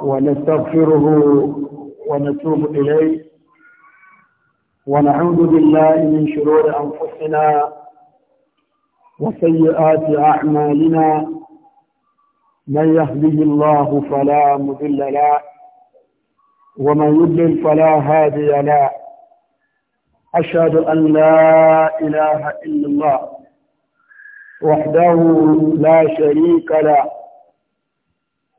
ونستغفره ونتوب إليه ونعوذ بالله من شرور أنفسنا وسيئات أعمالنا من يهده الله فلا مضل له ومن يضلل فلا هادي له أشهد أن لا إله إلا الله وحده لا شريك له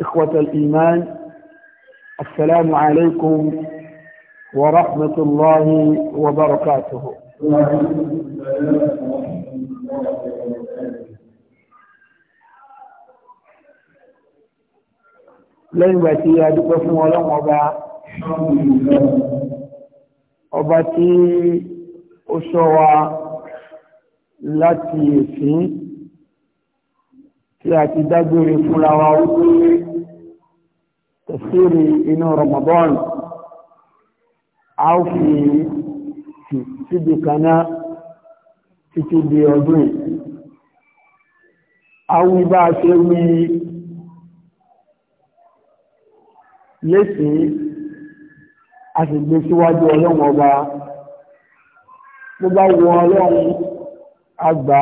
إخوة الإيمان السلام عليكم ورحمة الله وبركاته lẹ́yìn ìgbà tí a dúpẹ́ fún ọlọ́run ọba ọba tí ó ṣọ́ wa láti èsìn tí a ti dágbére fúnra wa ó gbé tẹ̀síìrì inú Ramadan a ó fi síbi kan náà títí di ọdún yìí a wí bá a ṣe wí lẹ́sìn a sì gbé síwájú ọlọ́run ọba bó bá ọlọ́run àgbà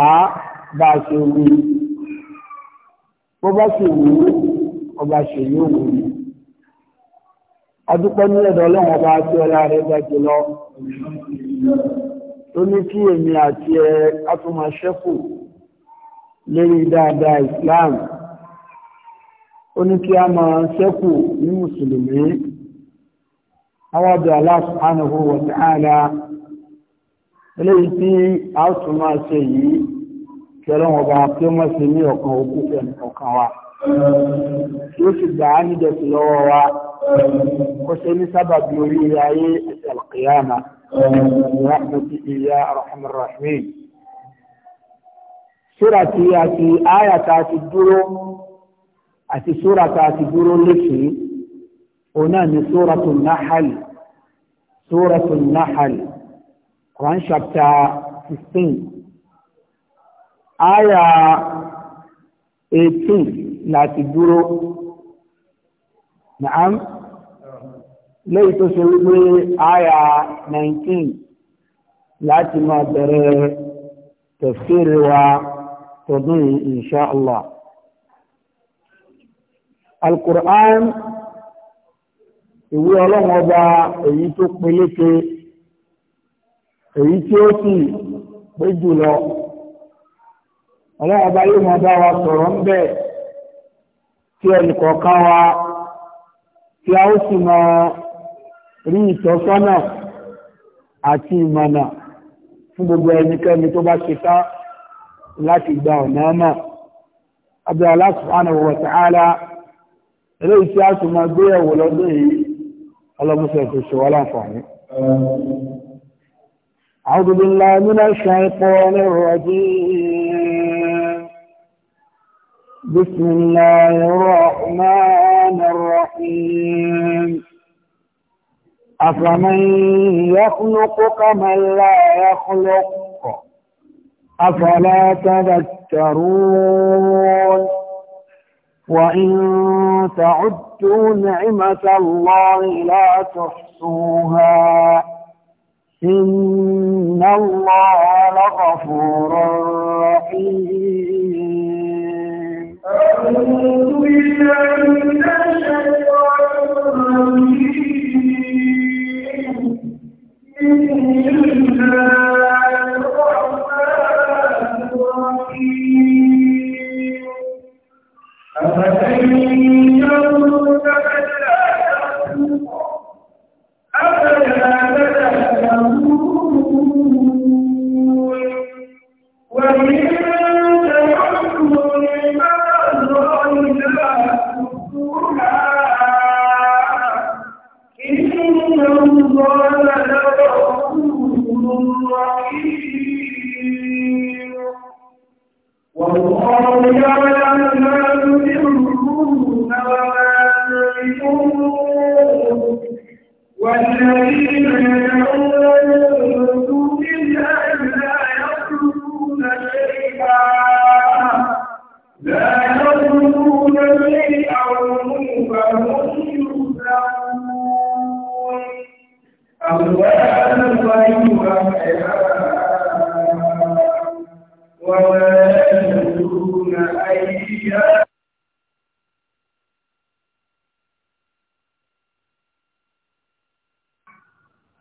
bá ṣe wí bó bá wú ọba ṣe yóò wù mí adúpẹ́ ní ẹ̀dọ̀ ọlọ́wọ́n bá tí ọlá rẹ̀ gbà jùlọ tó ní kí èmi àti ẹ kátùmọ̀ ṣẹ́kù lérí dáadáa Islam ó ní kí a máa ṣẹ́kù ní mùsùlùmí awádìí Allah subhanahu wa ta'ala eléyìí tí a tún máa ṣe yìí kí ọlọ́wọ́n bá tí ó mọ̀ sí ní ọ̀kan òkú fẹ̀ ọ̀kan wa tí ó sì gbà á níjọsìn lọ́wọ́ wa. وسيل سبب يريد القيامة برحمتك يا أرحم الراحمين سورة ياتي آية تدور أتي سورة تدور لكي هنا سورة النحل سورة النحل Quran chapter 15 آية 18 láti dúró نعم. lẹ́yìn tó ṣe 19 láti máa bẹ̀rẹ̀ tafsiri wa tọdún yìí insha Allah. Al-Qur'an ìwé ọlọ́wọ́ bá èyí tó peléke èyí tí ó sì pé jùlọ ọlọ́wọ́ bá yóò máa bá wa sọ̀rọ̀ ń bẹ̀ tí ẹnìkọ̀ọ̀kan wa tí a ó sì máa rí ìtọ́sọ́nà àti ìmọ̀nà fún gbogbo ẹnikẹ́ni tó bá ṣe tá láti gba ọ̀nà ọmọ abẹ́ Allah subhanahu wa ta'ala eléyìí tí a sì máa gbé ẹ̀wò lọ́dún yìí ọlọ́mọsẹ̀ tó ṣe wọ́n láǹfààní. أعوذ بالله من الشيطان الرجيم بسم الله الرحمن الرحمن الرحيم أفمن يخلق كمن لا يخلق أفلا تذكرون وإن تعدوا نعمة الله لا تحصوها إن الله لغفور رحيم Thank you.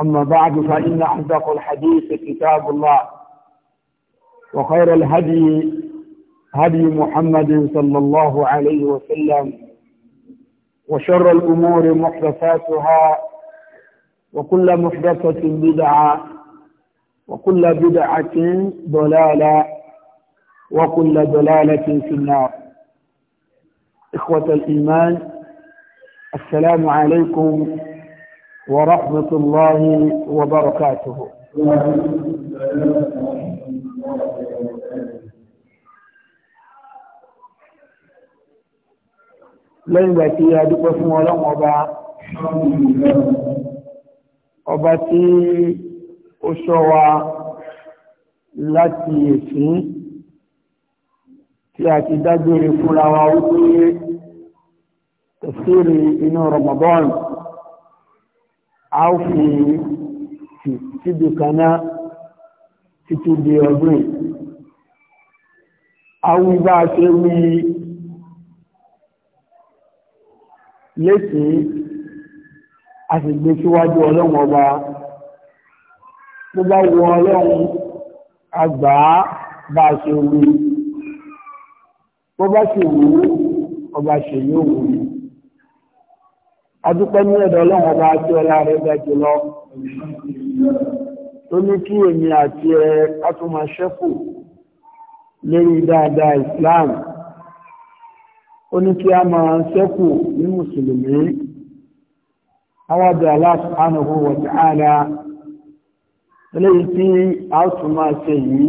أما بعد فإن أصدق الحديث كتاب الله وخير الهدي هدي محمد صلى الله عليه وسلم وشر الأمور محدثاتها وكل محدثة بدعة وكل بدعة ضلالة وكل ضلالة في النار إخوة الإيمان السلام عليكم ورحمة الله وبركاته lẹ́yìn ìgbà tí a dúpẹ́ fún ọlọ́run ọba ọba tí ó ṣọ́ wa láti èsì tí a ti dágbére fúnra wa wípé tẹ̀síìrì inú Ramadan a ó fi tì síbi kan náà títí di ọdún yìí àwọn ìgbà ṣe wí léṣe a sì gbé síwájú ọlọ́run ọba tó bá wọ ọlọ́run àgbà bá ṣe wí bó bá ṣe wù ọba ṣe yóò wù adúpẹ́ ní ẹ̀dọ̀ ọlọ́run ọba tí ọlá rẹ̀ ga jùlọ tó ní kí èmi àti ẹ kátùmọ̀ ṣẹ́kù lérí dáadáa Islam ó ní kí a máa ṣẹ́kù ní mùsùlùmí awádìí Allah subhanahu wa ta'ala eléyìí tí a tún máa ṣe yìí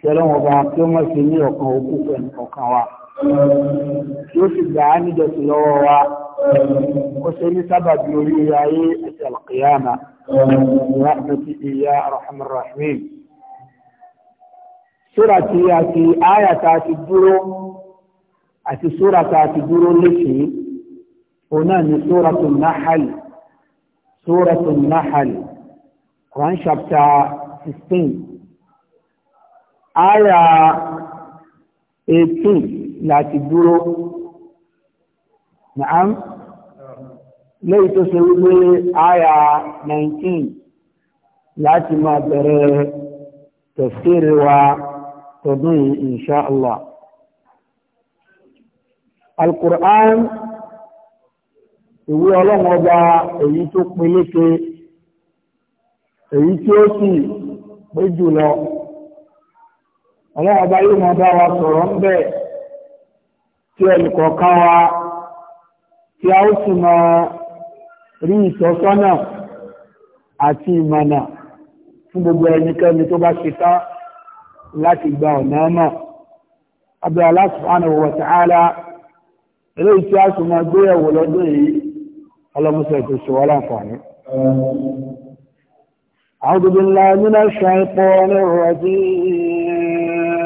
kẹrẹ́wọ̀n ọba tí ó máa ṣe ní ọ̀kan òkú pẹ̀lú ọ̀kan wa tí ó sì gbà á níjọ sí lọ́wọ́ wa. وسيني سبب نريعي القيامة برحمتي يا أرحم الراحمين súra tí a ti áyà tá a ti dúró àti súra tá a ti dúró léṣe o náà ni súratu Nahl súratu Nahl Quran chapter sixteen áyà eighteen la ti dúró. نعم، lẹ́yìn tó ṣe 19 láti máa bẹ̀rẹ̀ tafsiri wa tọdún yìí insha Allah. Al-Qur'an ìwé ọlọ́run ọba èyí tó peléke èyí tí ó sì pé jùlọ ọlọ́run ọba yóò bá wa sọ̀rọ̀ ń bẹ̀ tí ẹnìkọ̀ọ̀kan wa tí a ó sì máa rí ìtọ́sọ́nà àti ìmọ̀nà fún gbogbo ẹnikẹ́ni tó bá ṣe tán láti gba ọ̀nà náà abẹ́ Allah subhanahu wa ta'ala eléyìí a sì máa gbé ẹ̀wò lọ́dún yìí ọlọ́mọsẹ̀ tó ṣe wá láǹfààní. أعوذ بالله من الشيطان الرجيم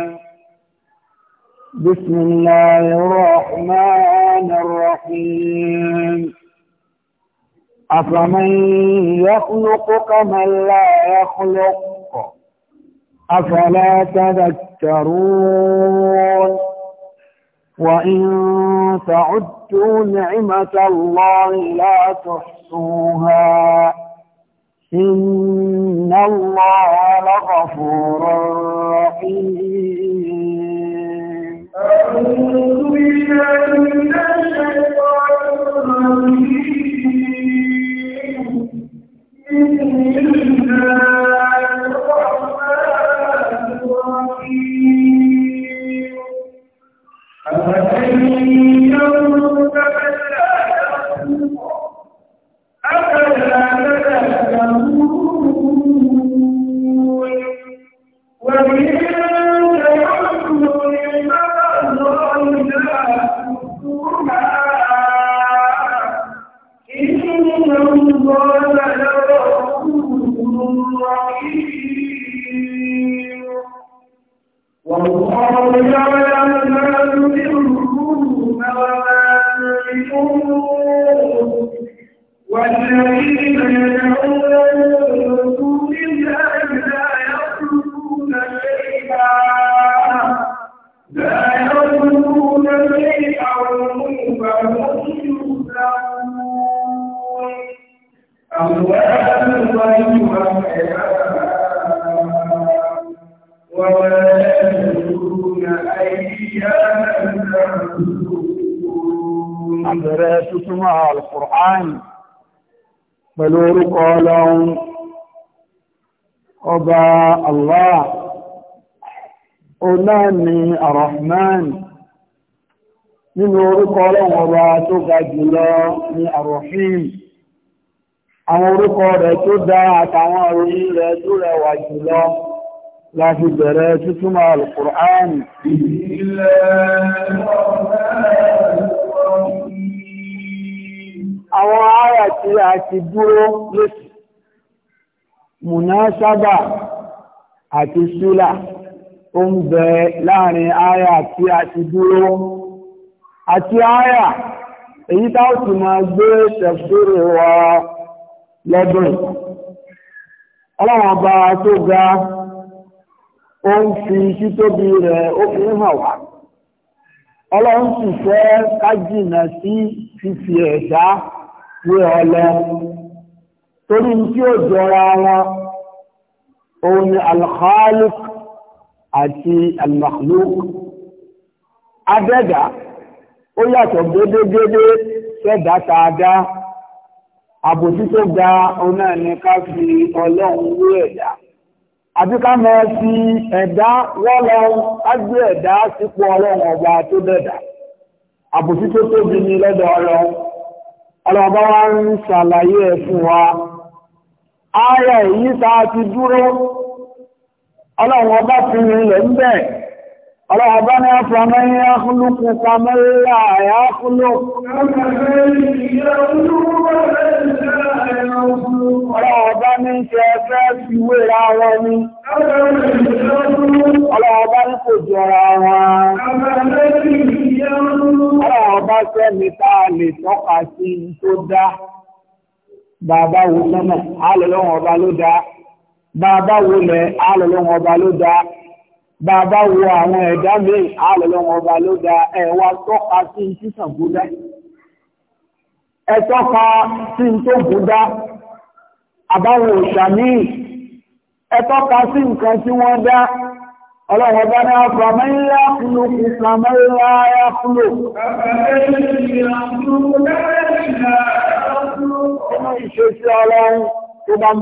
بسم الله الرحمن الرحمن الرحيم أفمن يخلق كمن لا يخلق أفلا تذكرون وإن تعدوا نعمة الله لا تحصوها إن الله لغفور رحيم أعوذ بالله Thank you. Àbẹ̀rẹ̀ tútúmọ̀ Al-Qur'an pẹ̀lú orúkọ ọlọ́run ọba Allah, ọ̀nà ni Ar-Rahman nínú orúkọ ọlọ́run ọba tó ga jùlọ ni Ar-Rahim. Àwọn orúkọ rẹ̀ tó dá àtàwọn orí rẹ̀ tó rẹwà jùlọ láti bẹ̀rẹ̀ tútúmọ̀ Al-Qur'an. Àwọn ará tí a ti dúró lóṣì, Mùnáṣábà àti Ṣúlà, ó ń bẹ láàrin ará tí a ti dúró, àti ará èyí táwọn ti máa gbé ṣẹ̀fúrò wa lọ́dún. Ọlọ́run ọba tó ga, ó ń fi títóbi rẹ̀ ó fi ń hàn wá ọlọ́run sì fẹ́ kájìnà sí fífi ẹ̀dá wé ọlẹ torí tí ó jọra wọn òun ni alkhalik àti almakhluk adẹ́dà ó yàtọ̀ gédégédé sẹ́dá tààdá àbòsí tó ga òun ni ká fi ọlọ́run wé ẹ̀dá. àbí ká mọ sí ẹ̀dá wọ́lọ ágbé ẹ̀dá sípò ọlọ́run ọba tó dẹ̀dà àbòsí tó tóbi ní lọ́dọ̀ ọlọ́run ọlọ́ba wa ń ṣàlàyé ẹ̀ fún wa ara èyí ta ti dúró ọlọ́run ọba fi ní Ọlọ́ọ̀bá ni. Ọlọ́ọ̀bá ní kò jọra wọn. Ọlọ́ọ̀bá ṣẹ́ mi táa lè tọ́ka sí tó dá. Bàbá wo sọ́nà, alọ́lọ́wọ̀n ọba ló dá. Bàbá wo lẹ̀, alọ́lọ́wọ̀n ọba ló dá. Bàbá wo àwọn ẹ̀dá mìíràn, alọ́lọ́wọ̀n ọba ló dá. Ẹ̀wà tọ́ka sí sísàn kó dá ẹ̀tọ́ ka sí tó búdá àbáwọn òṣàmí ẹ̀tọ́ ka sí nǹkan tí wọ́n dá ọlọ́wọ́ bá ní ọkọ̀ mẹ́lá kúlù kùsà mẹ́lá ayá kúlù ọmọ ìṣesí ọlọ́run tó bá ń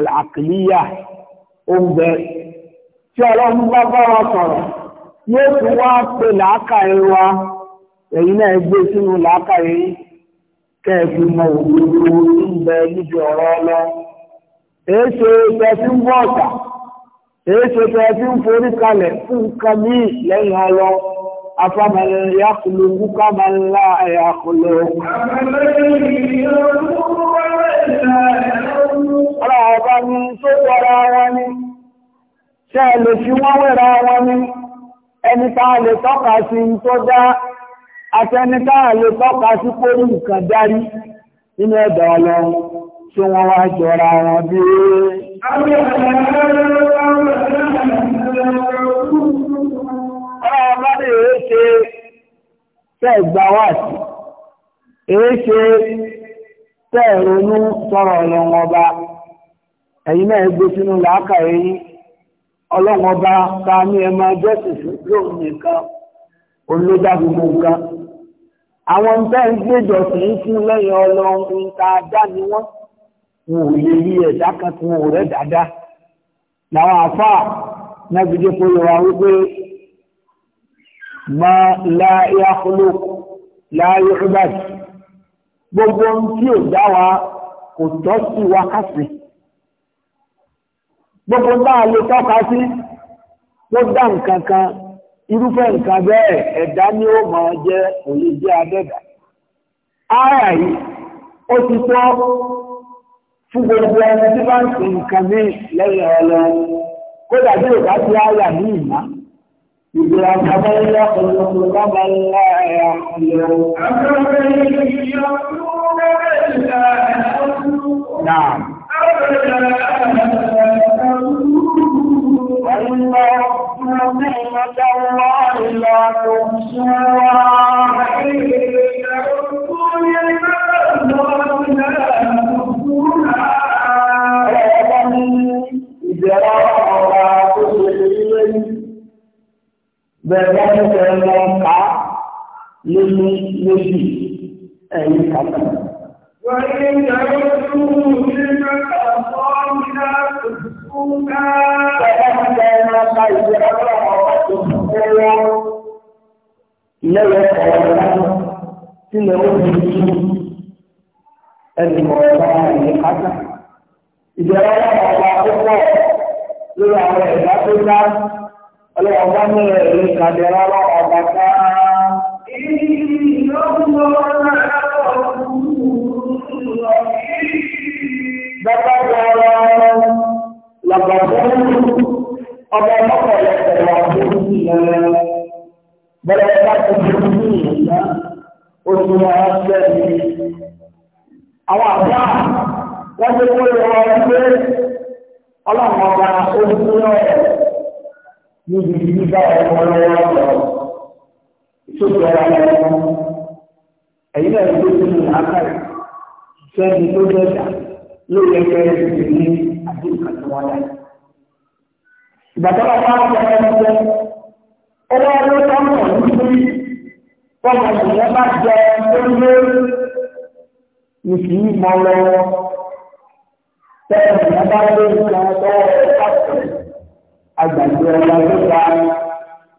al'akìlíyà oúnjẹ tí ọlọ́run bá bọ́ra sọ̀rọ̀ yóò tún wá pè wa èyí náà gbé sínú làákàyè kẹ́ẹ̀fì mọ òdodo ń bẹ níbi ọ̀rọ̀ ọlọ èéṣe ń bọ̀ ọ̀tà èéṣe ń forí kalẹ̀ fún nǹkan míì lẹ́yìn afámẹ́lẹ́ yàkùlù ṣe lè fi wọ́n wẹ́ra wọn ní ẹni tá a lè tọ́ka sí tó dá àtẹni tá a lè tọ́ka sí pórí nǹkan dárí nínú ẹ̀dọ̀ ọlọ́run tí wọ́n wá jọra wọn bí Tẹ́ẹ̀rọnú sọ̀rọ̀ ọ̀lọ́wọ́ ọba, ẹ̀yìn náà gbé sínú làákàá yìí ọlọ́mọba ta ní ẹmọ jẹ́sìn lóun nìkan olójáde gbogbo àwọn ń bẹ́ẹ̀ ń gbéjọ sí ń fún lẹ́yìn ọlọ́run ta dá ni wọ́n wọn ò lè rí ẹ̀dá kan tí wọn ò dáadáa làwọn àfáà náà fi dé wípé ma láyé akóló láyé ọgbàdì gbogbo ohun tí ò dá wa kò tọ́ sí wa gbogbo bá a lè tọ́ka sí tó dá nǹkan kan irúfẹ́ nǹkan bẹ́ẹ̀ ẹ̀dá ni ó máa jẹ́ òye jẹ́ adẹ́dà ara yìí ó ti tọ́ fún gbogbo ẹni tí bá ń sin nǹkan ní lẹ́yìn ọlọ kódà bí òkà ti ara ní ìmá ìgbéra kàbá ńlá ọ̀pọ̀lọpọ̀ kàbá ńlá ẹ̀yà ọ̀pọ̀lọpọ̀. Naam. نعمة الله لا تحصوها Bẹ̀rẹ̀ ẹgbẹ̀rẹ̀ lọ́pàá lórí lórí ẹ̀yìn kàtà. Wọ́n ní ìjọba tó mú ní mẹ́ta ọ̀pọ̀ ọ̀pọ̀ ìdá òṣìṣú náà. Bẹ̀rẹ̀ ẹgbẹ̀rẹ̀ lọ́pàá ìjọba ọwọ́ lẹ́yìn ọ̀rọ̀ lánàá tí lè ó fi tú ẹnì mọ̀ọ́ bá ẹ̀yẹ kátà. Ìjọba ọlọ́run ọba tó pọ̀ lórí àwọn ẹ̀dá tó dá ọlọ́run bá ní ẹ̀rí kàdé rárá ọba ká. Bàbá wa lọ́gbàdúró ọba ọlọ́pàá ọlọ́pàá wà lórí ìlànà bẹ́ẹ̀ bá tó lórí ìlànà oṣù máa bẹ̀rẹ̀ àwọn àbá wọ́n ti kó ìwọ pé ọlọ́pàá ọba oṣù náà níbi ìdíbà ọmọ lọ́wọ́ lọ ìṣòro ara lọ́wọ́ èyí náà ló ti mú àkàrà sẹ́ni tó dẹ́ta lórí ẹgbẹ́ ìdílé àti ìkàtúwọ́dá ìgbàtọ́lá bá ń jẹ́ ẹgbẹ́ owó ló tọ́mọ̀ nítorí bọ́mọ̀ ìyẹn bá jẹ lórílẹ̀ nìkìí mọ lọ tẹ́lẹ̀ ìyẹn bá lé nǹkan tọ́wọ́ ẹ̀ka àgbàdo ọ̀la ló ta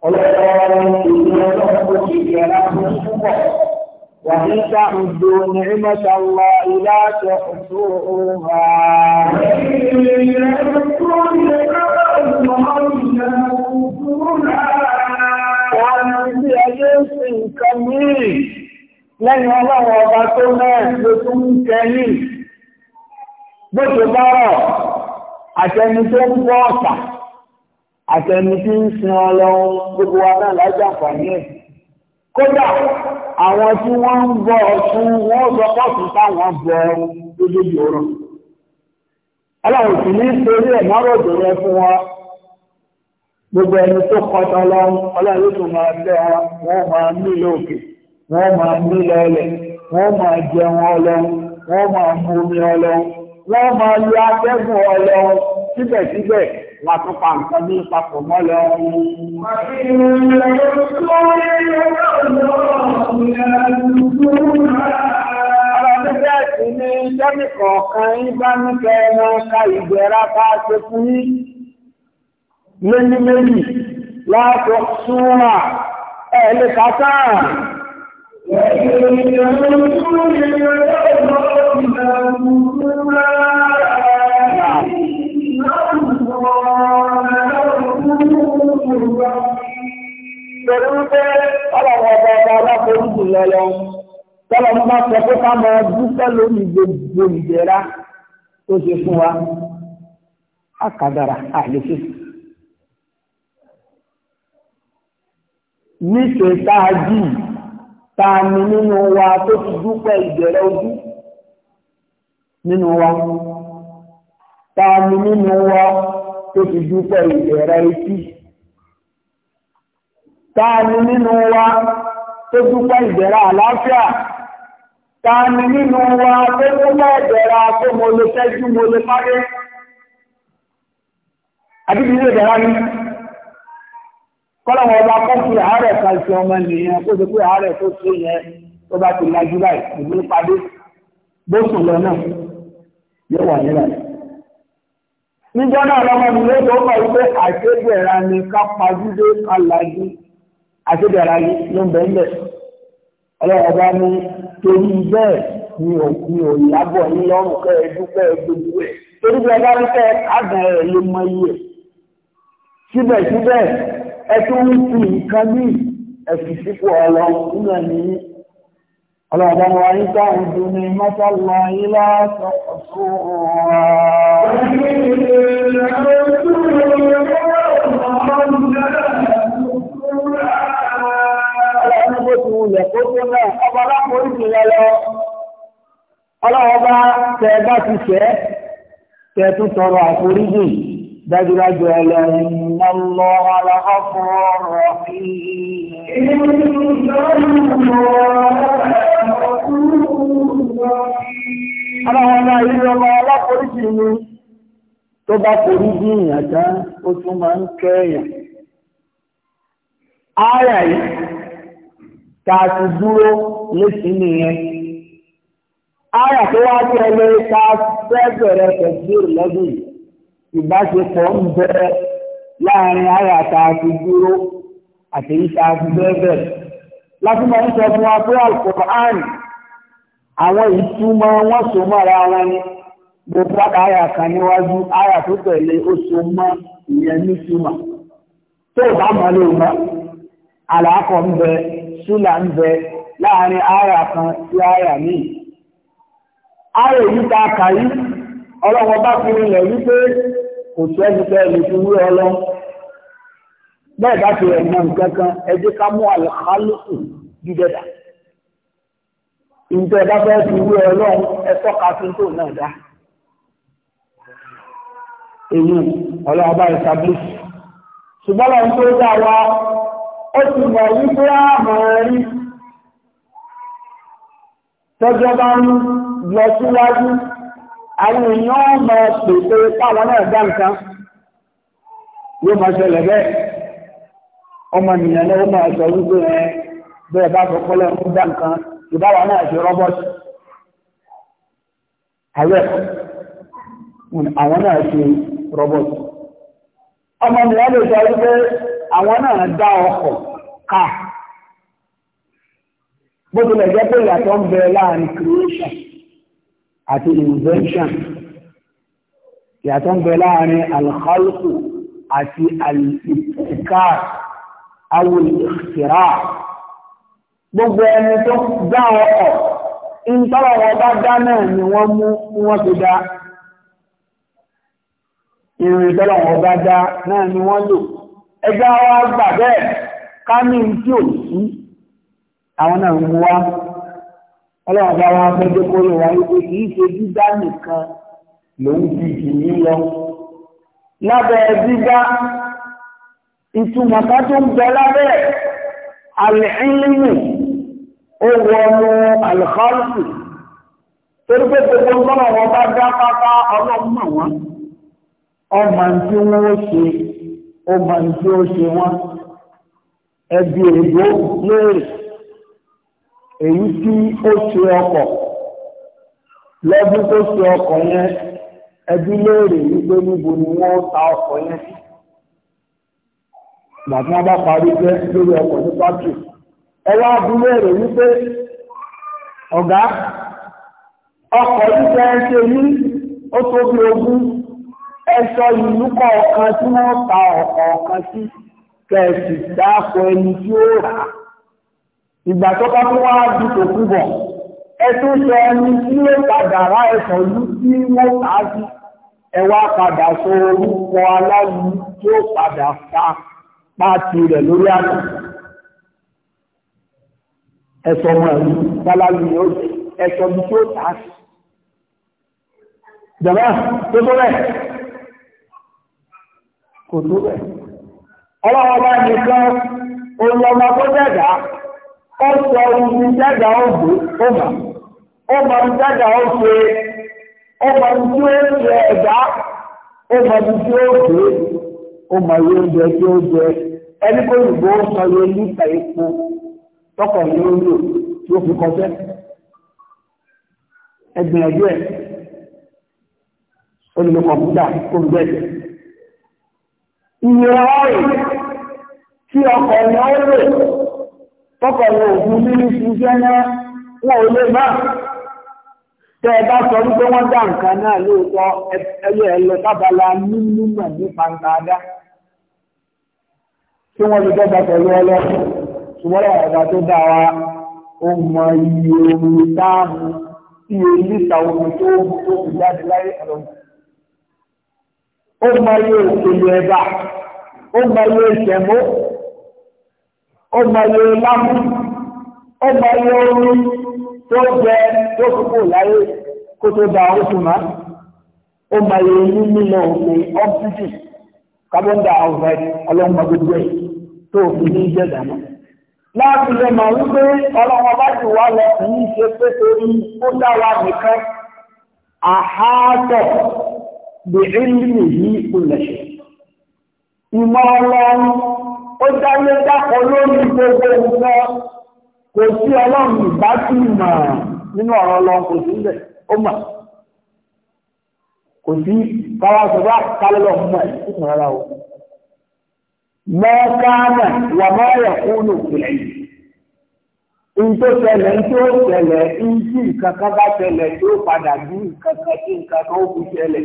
ọlọ́wọ́ ìṣòro ọlọ́wọ́ tó ti di ẹ̀rá fún púpọ̀ wà ní sáàmùdó ní ìmọ̀ṣàlá ìlà àti ọ̀ṣọ́ òun ha. yìí lẹ́yìn ọlọ́run ọba tó náà ló tún ń kẹ yìí bó ti bọ́rọ̀ àtẹni tó ń bọ́ ọ̀tà àtẹni tí ń sin ọlọ́run gbogbo wa náà lájàǹfààní ẹ̀ kódà àwọn tí wọ́n ń bọ ọ̀tún wọ́n sọ pọ́ọ̀tún táwọn bọ lójú ìrọ̀ ọlọ́run sì ní torí ẹ̀ mọ́rọ̀ òdòrò ẹ fún wọn gbogbo ẹni tó kọta ọlọ́run ọlọ́run tó máa bẹ́ wa wọ́n máa nílò òkè wọ́n máa nílò ọlẹ̀ wọ́n máa jẹun ọlọ́run wọ́n máa mú omi ọlọ́run wọ́n máa lo atẹ́gùn ọlọ́run síbẹ̀síbẹ̀ wà tó pa nǹkan ní papọ̀ mọ́ lọ́run. Ọlọ́dẹ́gbẹ́ ẹ̀sìn ni lẹ́nìkọ̀ọ̀kan yín bá ní kẹ́ ẹ máa ka ìgbẹ́ra ká ṣe fún yín méjì méjì láàpọ̀ súnmà ẹ̀lẹ́ kàtà Pẹ̀lú pé sọ pé ká mọ dúpẹ́ lórí gbogbo ìjẹ́ra tó ṣe fún wa, á kàdára níṣe tá a jì tá a ní nínú wa tó ti dúpẹ́ ìbẹ̀rẹ̀ ojú nínú wa tá a ní nínú wa tó ti dúpẹ́ ìbẹ̀rẹ̀ etí tá a ní nínú wa tó dúpẹ́ ìbẹ̀rẹ̀ àlàáfíà tá nínú wa tó dúpẹ́ ìbẹ̀rẹ̀ tó mo lè tẹ́jú mo lè pàdé àbíbi ilé ìbẹ̀rẹ̀ ni kọ́lọ̀wọ̀ ọba kọ́kùn àárẹ̀ kan ṣe ọmọ nìyẹn kó ṣe pé àárẹ̀ tó ṣe yẹn tó bá ti lajú báyìí ìlú padé bó sùn lọ náà yóò wà nílẹ̀. níjọ́ náà lọ́mọ mi ló tó kọ̀ wípé àṣebẹ̀ra ni ká pajú dé ká lajú àṣebẹ̀ra ló ń bẹ̀ ń bẹ̀. ọlọ́wọ́ ọba ní torí bẹ́ẹ̀ ni òkú òyìnbọ̀ ní lọ́rùn kẹ́ ẹ dúpẹ́ gbogbo ẹ̀ torí bí ọba ní kẹ́ ẹ ẹ̀tún ń fi nǹkan ní ẹ̀fì sípò ọ̀lọ́ nílẹ̀ ní ọlọ́ọ̀dọ́mọ ayé táwọn dùn ní mọ́sálà yìí lásán ọ̀ṣọ́ Ọlọ́wọ́ bá tẹ bá ti ṣẹ́ tẹ tún tọrọ àforíjì dájúdájú ọlọ́run iná lọ aláhọ́fọ́ ọ̀rọ̀ Aláwọ̀lá ilé ọmọ aláforíjì tó bá bí ó tún máa ń yìí, tó wá ẹlẹ́ fẹ́ bẹ̀rẹ̀ pẹ̀lú lọ́dún yìí. ìbáṣepọ̀ ń bẹ láàrin àyà tá a dúró a fi bẹ́ẹ̀ láti máa ń sọ fún wa pé alukur'an àwọn ìtumọ̀ wọn so mọ́ra wọn ni gbogbo àyà kan níwájú àyà tó tẹ̀lé ó so mọ́ ìyẹn tó bá mọ́ àlàkọ̀ ń bẹ ṣúlà ń bẹ láàrin kan sí ara míì. ta kàyí ọlọ́wọ́ bá fi kò sí ẹnikẹ́ ẹni tí lọ bẹ́ẹ̀ bá ti rẹ̀ mọ nǹkan kan ká mú fi wí ọlọ́run ẹ tọ́ka sí tó náà dá èyí ọlọ́run bá ṣùgbọ́n lọ́run tó dá wa ó ti mọ̀ wípé àwọn èèyàn mọ̀ pèsè káwọn náà dá nǹkan yóò máa ṣẹlẹ̀ bẹ́ẹ̀ ọmọ ènìyàn náà ó máa sọ wípé ẹ bẹ́ẹ̀ bá fọpọ́lọ́ ń dá nǹkan ìbáwa náà ṣe rọ́bọ́tì ààrẹ àwọn náà ṣe rọ́bọ́tì ọmọ ènìyàn lè sọ wípé àwọn náà dá ọkọ̀ ká bó tilẹ̀ jẹ́ pé ìyàtọ̀ ń bẹ láàrin creation àti invention yàtọ̀ ń bẹ láàrin alhalku àti alìkà awul ìkìrà gbogbo ẹni tó dá ọkọ̀ ń tọ́wọ́ wọn bá dá náà ni wọ́n mú wọ́n fi dá ìrìn tọ́lọ̀ wọn bá dá náà ni wọ́n lò ẹgbẹ́ wa gbà bẹ́ẹ̀ ká ní tí sí àwọn náà mú wá ọlọ́run bá wọn fẹ́jọ́ kó lè wáyé pé kì í ṣe dídá nìkan lòun ti jì ní lọ. lábẹ́ dídá ìtumọ̀ ká tó ń bẹ lábẹ́ alẹ́hìnlẹ́mù ó wọnú alẹ́kọ́lùsì torí pé gbogbo ọlọ́run wọn bá dá pátá ọlọ́run mọ̀ ọmọ tí wọ́n ṣe ọmọ tí ó ṣe wọ́n ẹbí èdè lóòrè èyí tí ó ṣe ọkọ̀ lọ́dún tó ṣe ọkọ̀ yẹn ẹbí léèrè wípé níbo ni wọ́n ta ọkọ̀ yẹn sí ìgbà tí wọ́n bá parí jẹ́ lórí ọkọ̀ ní pátì ẹ wá bí léèrè wípé ọ̀gá ọkọ̀ títẹ́ ń ṣe ní ó tó bí ogún ẹ̀ṣọ́ ìlú kọ̀ọ̀kan tí wọ́n ta ọkọ̀ kan sí kẹ̀sì dáko ẹni tí ó rà á ìgbà tó bá fún wá di tó kú bọ̀ ẹ tó sọ ẹni tí ó padà rá ẹ̀sọ̀ yìí tí wọ́n kà á sí ẹ wá padà sọ orúkọ aláwùú tí ó padà fa páàtì rẹ̀ lórí àná ẹ̀sọ̀ ọmọ ẹ̀rú báláwùú yóò ẹ̀sọ̀ bí tí ó kà sí. jọ̀bá tó tó bẹ́ẹ̀ kò tó bẹ́ẹ̀ ọlọ́wọ́ bá nìkan olùlọ́mọ tó dẹ̀dá ó sọ ibi jáde ọ̀gbù ó mà ó mọ ibi jáde ọ̀gbù ó mọ ibi tí ó ṣe ẹ̀dá ó mọ ibi tí ó ṣe ó mọ iye oúnjẹ tí ó jẹ ẹni kó yìnbó ó sọ iye lítà epo tọkọ ní ó lò tí ó fi kọjá ẹgbìyànjú ẹ olùlọ kọ̀m̀pútà kó ń bẹ̀rẹ̀ iye tí ọkọ̀ ni ó lò kọ́kọ̀rọ̀ ògùn nínú ṣiṣẹ́ náà wọ́n ò lè máa tẹ́ ẹ bá sọ wípé wọ́n dá nǹkan náà lóòótọ́ ẹyẹ ẹlọ tábàlà nínú mọ̀ ní pàǹtàdá tí wọ́n lè dọ́gba pẹ̀lú ọlọ́run ṣùgbọ́n àwọn tó dá wa ó mọ iye omi táàmù iye lítà omi tó tó fi jáde láyé ọ̀rọ̀ ó mọ iye òkèlè ẹ̀bà ó mọ iye ìṣẹ̀mó ọgbàyé lámú ọgbàyé orí tó jẹ tó kúkú láyé kó tó da oṣù máa ọgbàyé nílò òfin ọ́pítì carbon dioxide ọlọ́mọ ẹ̀ tó fi ní jẹ́ dàmọ́ láti lè mọ̀ wípé ọlọ́wọ́ wá lọ ṣe pé torí ó nìkan àhátọ̀ ó dáyé dákọ lórí gbogbo nǹkan kò sí ọlọ́run ìbá tí mà nínú ọ̀rọ̀ ọlọ́run kò ó mà kò sí káwá sọ̀rọ̀ mọ̀ ẹ̀ sí rárá o mọ́kánà wà yìí tẹlẹ̀ tẹlẹ̀ ìjì kankan bá tẹlẹ̀ padà bí kankan tí nǹkan tẹlẹ̀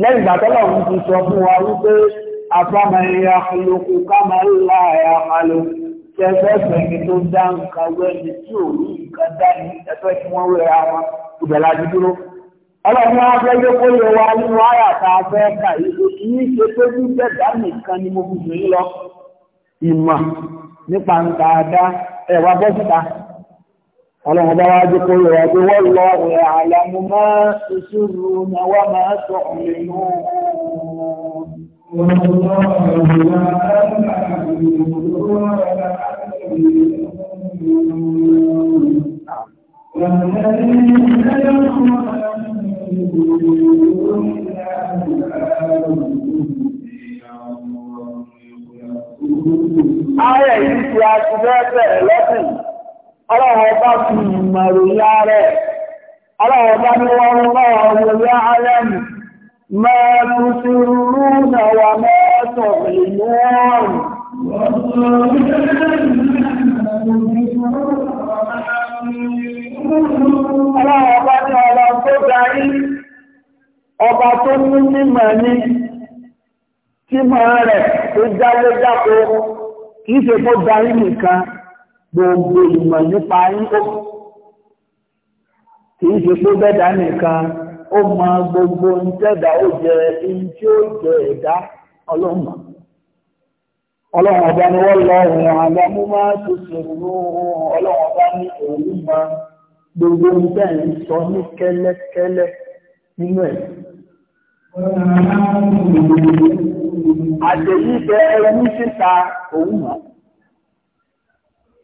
lẹ́yìn ìgbà tọ́lọ̀ ń ti sọ fún wa wípé afọ́mọ ẹ̀yà àlòkù káàmà ńlá ẹ̀yà àlò tẹ́fẹ́fẹ́ ni tó dá nǹkan wẹ́ni tí ò rí nǹkan dání ẹ̀fẹ́ tí wọ́n wẹ̀ra wọn ìbẹ̀lá dídúró. ọlọ́run wá fẹ́ yé kó yẹ wa nínú àyà tá a fẹ́ kà yìí kì í ṣe pé bí jẹ́dá nìkan ni mo fi lọ ìmọ̀ nípa nǹkan àdá ẹ̀wà bọ́síta ọlọ́run bá wájú kó lè wá pé wọ́n lọ rẹ̀ àlàmú máa ṣùṣùrù náà wá máa sọ òmìnú Ààrẹ yìí ti a ti bẹ́ẹ̀ bẹ̀rẹ̀ lọ́sìn ọlọ́wọ́ bá fi ìmọ̀rò yá rẹ̀ ọlọ́wọ́ bá ní wọ́n lọ́wọ́ yá alẹ́mù mẹ́rin sí rúrú náwà mẹ́ẹ̀tọ̀ ìlú ọ̀rùn ọlọ́wọ́ bá ní ọlọ́ rẹ̀ tó jáwé jáko kìí ṣe kó darí nìkan gbogbo ìmọ̀ nípa yín ó kìí ṣe pé bẹ́ẹ̀dá nìkan ó mọ gbogbo ń tẹ́dà ó jẹ ẹni tí ó jẹ ẹ̀dá ọlọ́mọ ọlọ́run ọba ni wọ́n lọ rìn àgbà mú máa tó ṣèrú ọlọ́run ọba ní òun mọ gbogbo ń tẹ́ sọ ní kẹ́lẹ́kẹ́lẹ́ nínú ẹ̀. àtẹ̀yí bẹ ẹni síta òun mọ̀.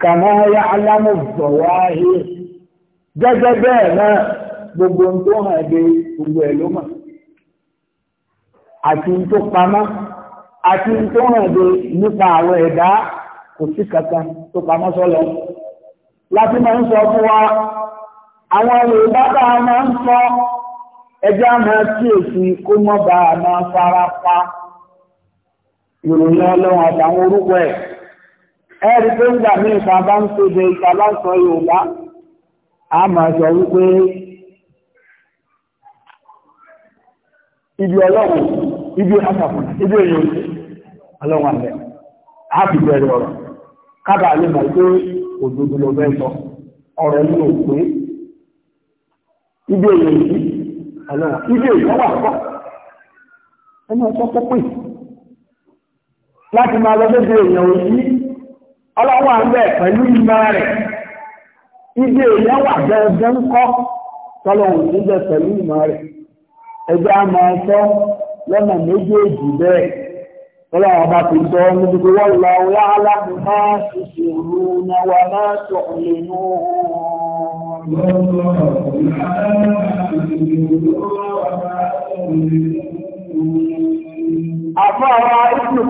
kàmá ya'lamu ya zawahir gẹ́gẹ́ bẹ́ẹ̀ náà gbogbo ń tó gbogbo ẹ̀ ló mọ̀ àti ń tó pamọ́ àti ń tó nípa àwọn ẹ̀dá kò sí kankan tó pamọ́ láti máa ń sọ fún wa àwọn yorùbá bá a máa ń sọ ẹjọ́ máa kó mọ́ bá a orúkọ ẹ̀. ẹ̀rí pé ń gbà ní ìta bá ń tó de ìta bá Yorùbá a máa sọ wípé ibi ọlọ́run ibi àṣàkùnà ibi èèyàn ọlọ́run àbẹ̀ á fi bẹ̀rẹ̀ ọ̀rọ̀ kábà lè mọ̀ pé òdodo ló fẹ́ sọ ọ̀rọ̀ ní òpin ibi èèyàn ọlọ́run ibi èèyàn wà láti máa lọ sí ibi èèyàn ọlọ́wọ́ àgbẹ̀ pẹ̀lú ìmọ̀ rẹ̀ ibi èèyàn wà gẹ́gẹ́ ń kọ́ tọ́lọ́wọ́ níbẹ̀ pẹ̀lú ìmọ̀ rẹ̀ ẹgbẹ́ a máa sọ lọ́nà méjèèjì bẹ́ẹ̀ tọ́lọ́wọ́ bá fi sọ níbi tí wọ́n lọ wá láti má wà Àfọ́ àwọn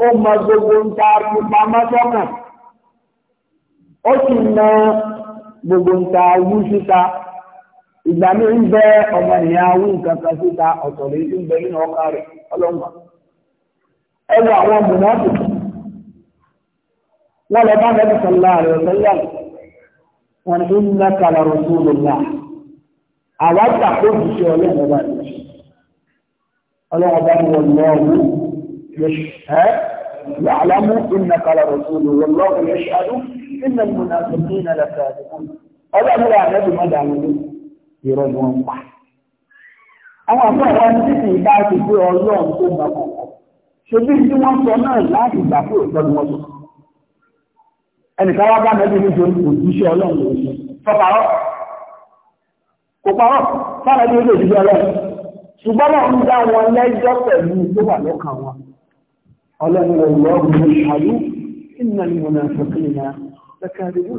ó mọ gbogbo ń ta pípa mọ́sọ́kàn ó sì mọ gbogbo ń ta wú síta ìgbà mi ń bẹ ọmọ ìyá wú nǹkan kan síta ọ̀tọ̀ lè ń bẹ nínú ọkà rẹ̀ ọlọ́mọ ẹ wo àwọn mùnàbù wọ́n lọ bá nẹ́bí sọ̀lá rẹ̀ sọ́yà wọn ní ń mẹ́ta lọ́rọ̀ sí olùlà àwọn àgbà tó fi ọlọ́mọba ọlọ́mọba ni wọ́n lọ́ọ́ يشهد يعلم إنك لرسول والله يشهد إن المنافقين لكاذبون هذا أمر النبي ماذا عمله يرد ونقع àwọn àfọwọ́ ẹni títí ìbá ti gbé ọlọ́run tó gbà kọ̀ọ̀kan ṣebí tí wọ́n sọ náà láti gbà pé òótọ́ ni wọ́n ẹnìkan wá bá mẹ́bí níjọ òjíṣẹ́ ọlọ́run ló fọ́parọ́ ọlọ́run ọlọ́run ìṣàlú iná ni wọn àfẹ́kùn ní lẹ́kàdìbò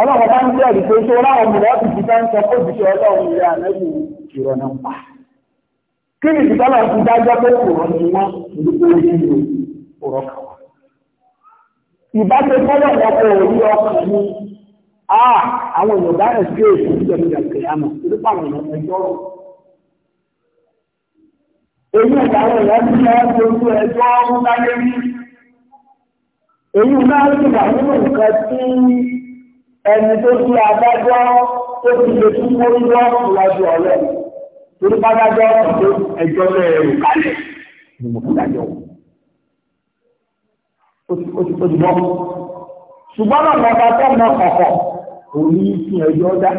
ọlọ́run bá ń jẹ́ ìpé tó ráwọn mìíràn láti fi bá ń sọ pé òṣìṣẹ́ ọlọ́run ilé àlẹ́bù ìrọ̀nà pa kí ni ìdíkọ́ náà ti dájọ́ pé òrọ̀ ni wọ́n ìdíkọ́ orí ìlú òrọ̀ kà wá ìbáṣe kọ́lọ̀ ọkọ̀ orí ọkàn ni àwọn èèyàn bá rẹ̀ sí èsì ìjọba ìjọba ìjọba ìjọba Èyí ìdáwọ̀ ìyájú máa ń gbogbo ẹjọ́ ọmọ láyé rí. Èyí máa ń gbà nínú nǹkan tí ẹni tó ti adájọ́ tó ti lè tún mọ́ ìlú ọ̀pọ̀lọpọ̀ ọ̀rẹ́. Torí bádájọ́ ọ̀pọ̀ ẹjọ́ lẹ́ẹ̀rù kalẹ̀ ni mo fi dájọ́. Ó ti tó dùbọ́. Ṣùgbọ́n náà bàbá tó mọ kọ̀kọ̀ òní fi ẹjọ́ dá.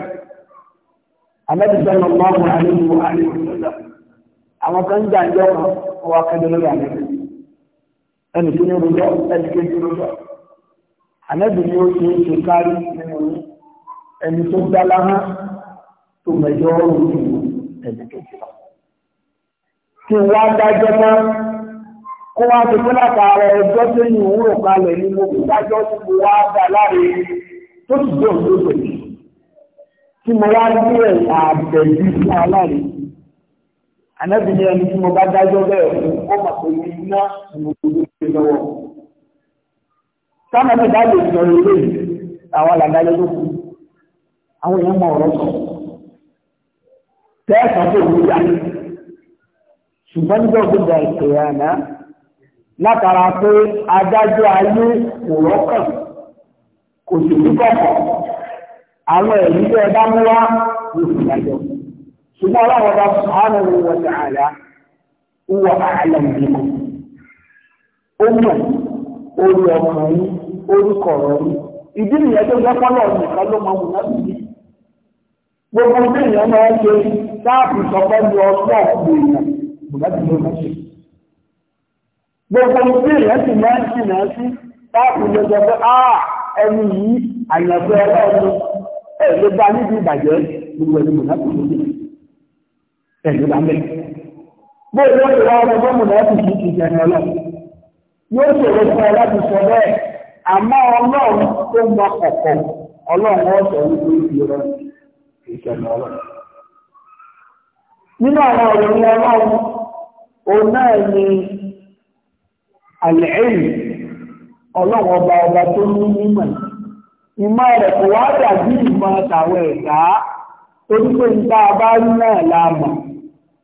Àlẹ́ ti sẹ́nu ọmọ ọmọ àlejò àlejò àwọn kan ń jàǹjọ́ kan wọ́n wá kẹ́lẹ́ lórí àlẹ́bí ẹnì kí ní rojọ́ ẹnì kí ní rojọ́ àlẹ́bí ni ó ṣe é ṣe kárí nínú yín ẹni tó dá láhán tó mẹjọ ọrùn ní ìlú ẹnì kejì lọ. kí wá dájọ́ náà kó wá ti pín látara ẹjọ́ tó yìn ń rò kalẹ̀ ní mo kú dájọ́ tí mo wá dá láre tó sì dé òdodo yìí tí mo wá ní ẹ̀ àbẹ̀bí fún aláàrẹ̀ ànábì ní ẹni tí mo bá dájọ́ bẹ́ẹ̀ fún ó mà pé ní iná ìmọ̀ òdodo ṣe lọ́wọ́ sáwọn ẹgbẹ́ dáàbò ìsọ̀rọ̀ ilé yìí àwọn àlàdájọ́ tó kù àwọn èèyàn mọ ọ̀rọ̀ sọ tẹ́ẹ̀sán tó wù yá ṣùgbọ́n nígbà ògbéga ìpè àná látara pé adájọ́ ayé kò rọ́kàn kò sì ní kọ̀kọ̀ àwọn ẹ̀rí tẹ́ ẹ bá mú wá yóò fi dájọ́ ṣùgbọ́n aláwọ̀ bá sùhánà ní wọ́n ti àlá wọ́n àlà ìdìbò ó mọ̀ orí ọkàn yìí orúkọ ọ̀rọ̀ yìí ìdí nìyẹn tó jẹ́ pọ́lọ̀ nìkan ló máa wù náà sí gbogbo ilé ìyẹn máa ń ṣe sáàpù sọpọ́ ní ọgbọ́n ọ̀gbìn èèyàn kò láti ló máa ṣe gbogbo ilé ìyẹn sì máa ń ṣì náà sí sáàpù ló pé á ẹni yìí àyànfẹ́ ọlọ́run ẹ̀ ló bá níbi ìbàjẹ́ gbogbo ẹni mọ̀ láti ló máa pẹ̀lú bá bụ Bóyá ọrụ ti wá láti fi ìjẹun ọlọ́run. Yóò ṣòro fún ọ láti sọ bẹ́ẹ̀, àmọ́ ọlọ́run tó ọlọ́run sọ ìjẹun ọlọ́run. Nínú àwọn ọlọ́run, òun náà ni àlẹ́yìn ọlọ́run ọba ọba tó ní Ìmọ̀ rẹ̀ kò wá dàbí ìmọ̀ tàwọn ẹ̀dá torí pé bá rí náà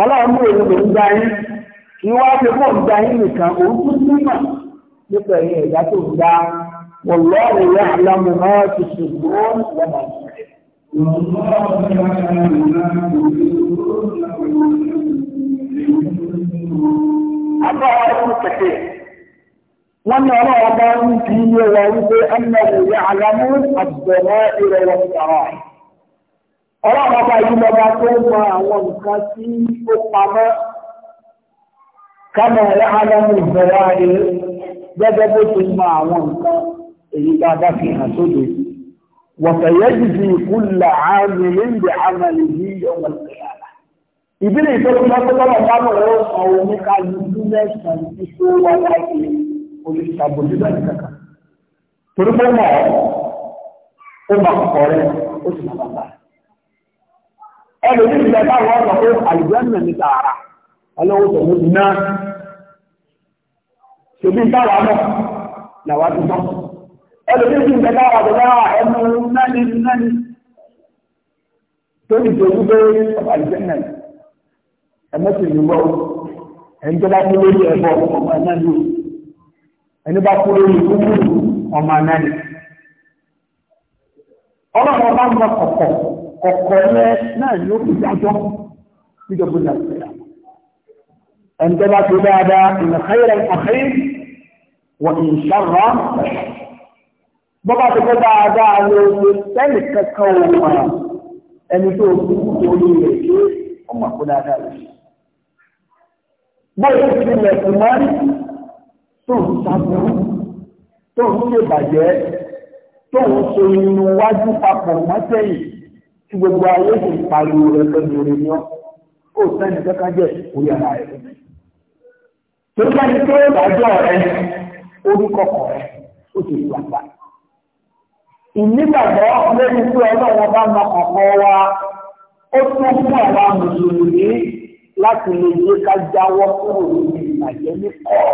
ọlọ́run èyí ló ń gba yín kí wá fi kó ń gba yín nìkan òun tún nímọ̀ nípa ẹ̀yìn ẹ̀dá tó ń gba wọ̀lọ́ọ̀rù yá àlámù náà ti ṣùgbọ́n wọ́n mọ̀. Àbá wọ́n ní ọlọ́run ń kí ilé wa wípé ẹnìyàn yá àlámù àbẹ̀rẹ̀ ìrẹ̀wọ̀n ìtàrà. ọlọ́run ọba yìí lọ́ba tó ń mọ àwọn nǹkan tí ó pamọ́ kámọ̀ ẹ̀rọ ìbẹ̀rẹ̀ ayé gẹ́gẹ́ bó ti àwọn nǹkan èyí tá a bá fi hàn sóde ìkúlẹ̀ yìí ọmọ ìbílẹ̀ ní ká mẹ́sàn-án wá láti kankan torí pé mọ̀ ó mọ̀ ó sì rẹ̀. ẹ̀rọ ní ìgbà táwọn ọ̀sán pé àlùjànnà ní tààrà ọlọ́wọ́ tó ní náà ṣèbí táwọn náà làwọn ti tán ah, ẹ̀rọ ní ìgbà táwọn ọ̀sán náà ẹnu náni náni tó ní tòun ní tó ní ẹni bá ọ̀kọ̀ rẹ náà ni ó fi dájọ́ níjọba ìjà ìjọba ẹ̀ńtọ́ bá ti dáadáa ìnà xayẹ̀rẹ̀ àxẹ́ wọ̀n ìṣàrọ̀ bọ́bá ti kọ́ dáadáa ló ṣe sẹ́yìn kankan ò mà ẹni tó kú orí rẹ̀ ṣe ọmọ kó dáadáa lọ. bóyá ti lẹ̀kùn máa ń tó ń sábẹ́ tó ń ṣèbàjẹ́ tó ń so inú wájú papọ̀ mọ́tẹ́yìn tí gbogbo ayé sì ń pariwo rẹ pẹ̀lú orí ni ọ́ kó sẹ́ni kẹ́kẹ́ jẹ́ orí ara rẹ̀. tó bá ní pé ìdájọ́ rẹ orúkọ kọ̀ rẹ ó ti wà pa. ìnígbàgbọ́ lórí pé ọlọ́run bá mọ ọ̀pọ̀ wa ó tún fún àwa mùsùlùmí láti lè yé ká jáwọ́ kúrò nínú ìbàjẹ́ ní kọ́.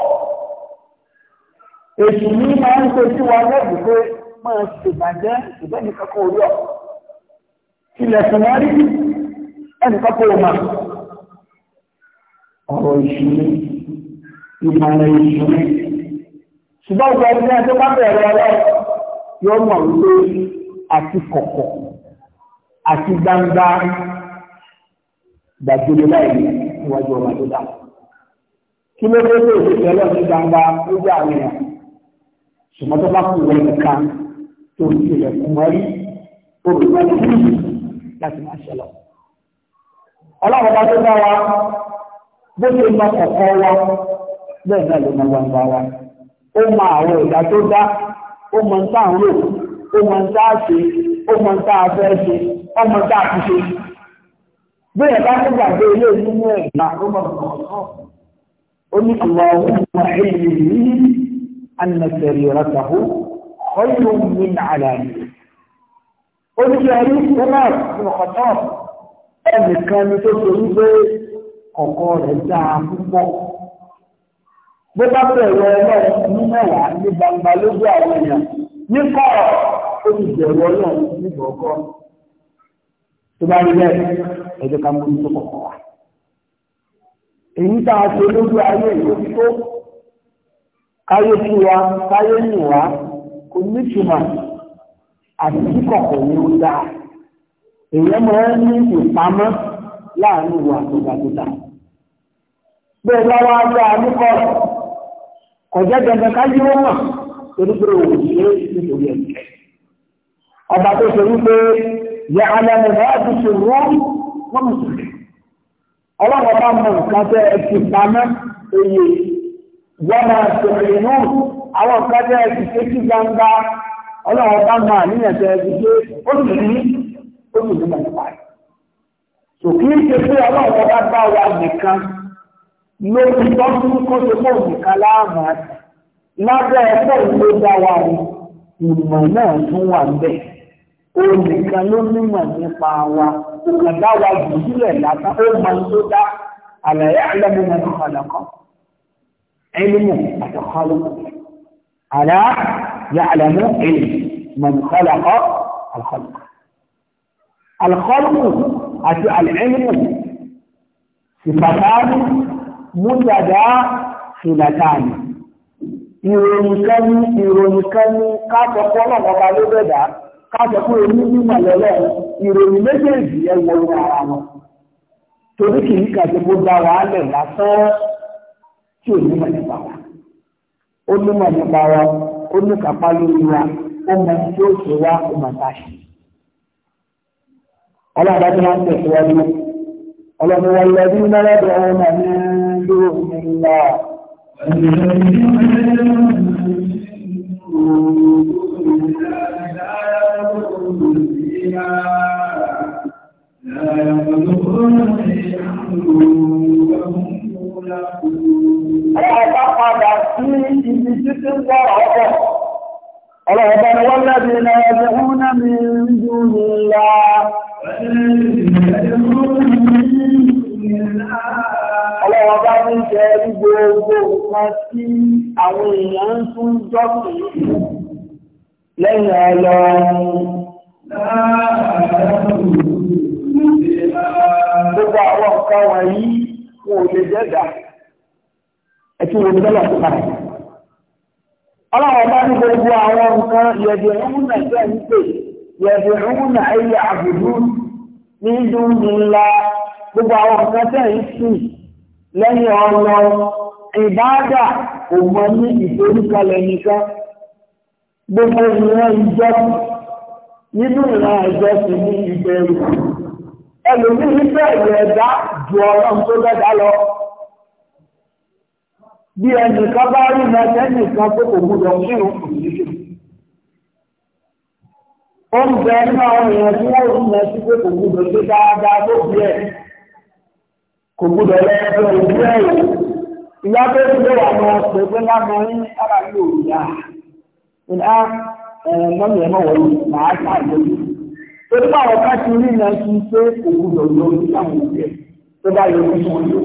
èsì yìí máa ń ṣe sí wa lẹ́bùn pé máa ṣèbàjẹ́ ìbẹ́ni kankan orí ọ̀pọ̀ tilẹ̀kùn wọn rí ẹnìkan o mà ọ̀rọ̀ ìṣúlẹ̀ ìmọ̀ràn ìṣúlẹ̀ ṣùgbọ́n ọ̀gá ẹni náà tó bá bẹ̀rẹ̀ ọ̀rọ̀ yóò mọ̀ wípé àti kọ̀kọ̀ àti gbangba gbàgbélé láì níwájú ọba tó dá kí ló dé tó ìṣẹ̀lẹ̀ ọlọ́run ní gbangba ó jẹ́ àwọn èèyàn ṣùgbọ́n tó bá kú ìwé nìkan tó ń tilẹ̀kùn wọn rí olùgbàlejò láti máa ṣe ọlọ́run bá tó bá wa bó ṣe mọ kọ̀ọ̀kan wa bẹ́ẹ̀ náà ló mọ gbangba wa ó mọ àwọn tó dá ó mọ ń rò ó mọ ń tá a ṣe ó mọ ń tá a fẹ́ ṣe ó mọ ń tá a fi ṣe. bẹ́ẹ̀ bá gbàgbé ilé ẹ̀ ó ó ní oníṣẹ́rí umar ní ọ̀kọ̀tọ̀ ẹnìkan ni tó torí pé kọ̀kọ́ rẹ̀ dáa púpọ̀ bó bá bẹ̀rẹ̀ ọlọ́run ní mẹ́wàá ní gbangba lójú àwọn èèyàn ní kọ́ọ̀ ó ti bẹ̀rẹ̀ ọlọ́run ní gbọ̀ọ́kọ́ tó bá rí bẹ́ẹ̀ ẹjọ́ ká mú tó kọ̀kọ́ wa èyí tá a ṣe lójú ayé ìlú tó káyé sí wa káyé nì wá kò ní ìtumọ̀ àti kíkọ̀kọ̀ ní ó dáa èèyàn máa ń ní ìpamọ́ láàrin ìwà àtògbàtògbà bí ẹ bá wá dá a níkọ kọjá dandan ká yí ó mọ̀ torí pé òun ṣe nítorí ẹ̀ ọba tó ṣe wípé yẹ alẹ́ mi náà ti ṣe wọ́n wọ́n mọ̀ sí ọlọ́wọ́ bá mọ nǹkan tẹ́ ẹ ti pamọ́ èyí wọ́n máa ṣe ìrìnnú àwọn nǹkan tẹ́ ẹ ti ṣe sí gbangba ọlọ́run bá máa níyàn tẹ́ ẹbí pé ó sì ní ó sì ní mẹ́ta rẹ̀. Sò kí ń ṣe pé ọlọ́run bá bá wa nìkan lórí tọ́jú kó ṣe pọ̀ nìkan láàmú àti lábẹ́ ẹ̀fọ́ ló dá wa ni ìmọ̀ náà tún wà bẹ́ẹ̀. O nìkan ló nímọ̀ nípa wa, kò kàn dá wa jù sílẹ̀ lásán, ó mọ tó dá àlàyé àlọ́mú mẹ́ta kan lọ́kọ́. Ẹni mọ̀ àtọ̀kọ́ lọ́kọ́. Àlá يعلم علم من خلق الخلق الخلق العلم صفتان متداخلتان ìròyìn kan ní ìròyìn kan ní káàkọ́kọ́ náà ọba ló bẹ̀dá káàkọ́kọ́ èmi ní mọ̀lẹ́lẹ́ ìròyìn méjèèjì ẹwọ ní ara wọn torí kì í kàṣe bó dá wàhálẹ̀ lásán tí ò ní nípa wa ó ní kápá lórí wa ó mọ tí ó ṣe wá ó mọ tá a ṣe. ọlọ́run àti máa ń tẹ̀síwájú ọlọ́run wọn lọ bí mẹ́rẹ́ bẹ̀rẹ̀ wọn náà ní dúró nílá. Ọlọ́run bá padà sí ibi títí ń bọ̀ ọ̀pọ̀ ọlọ́wọ́ bá ní wọ́n lẹ́bí ní ẹgbẹ́ ọmọdé mi ń jú ní ìlà ọlọ́wọ́ bá ní jẹ́ gbogbo nǹkan tí àwọn èèyàn ń tún jọ́sìn lẹ́yìn ọlọ́run gbogbo àwọn nǹkan wọ̀nyí kò lè jẹ́dà ẹ̀tí wo ni bẹ́lẹ̀ tó padà ọlọ́run bá ní gbogbo àwọn nǹkan yẹ̀dẹ̀ ọ̀hún náà jẹ́ ń pè yẹ̀dẹ̀ ọ̀hún náà ẹ̀yẹ àbùdú ní dúdú ńlá gbogbo àwọn nǹkan tẹ̀ ń sìn lẹ́yìn ọ̀nà ìbáàdà ndị ní ìforúkọlẹ̀ nìkan gbogbo ìran ìjọsìn nínú ìran ìjọsìn ní ìbẹ̀rù ju ọlọ́run tó lọ bí ẹnìkan bá rí na ẹnìkan tó kò gbúdọ̀ sí òkùnrin ó ń bẹ ní àwọn èèyàn tí wọ́n rí na sí pé kò gbúdọ̀ sí dáadáa tó bí ẹ̀ kò gbúdọ̀ lẹ́ẹ̀fẹ́ òbí ẹ̀ ìyá tó ti lé wà ní ọ̀sẹ̀ pé lánàá ní ara yóò yá ìná mọ́mí ẹ̀ mọ́wọ́ yìí màá tó bá ọ̀ká ti rí na sí pé kò gbúdọ̀ lọ àwọn òbí tó bá yọ ojú wọn yóò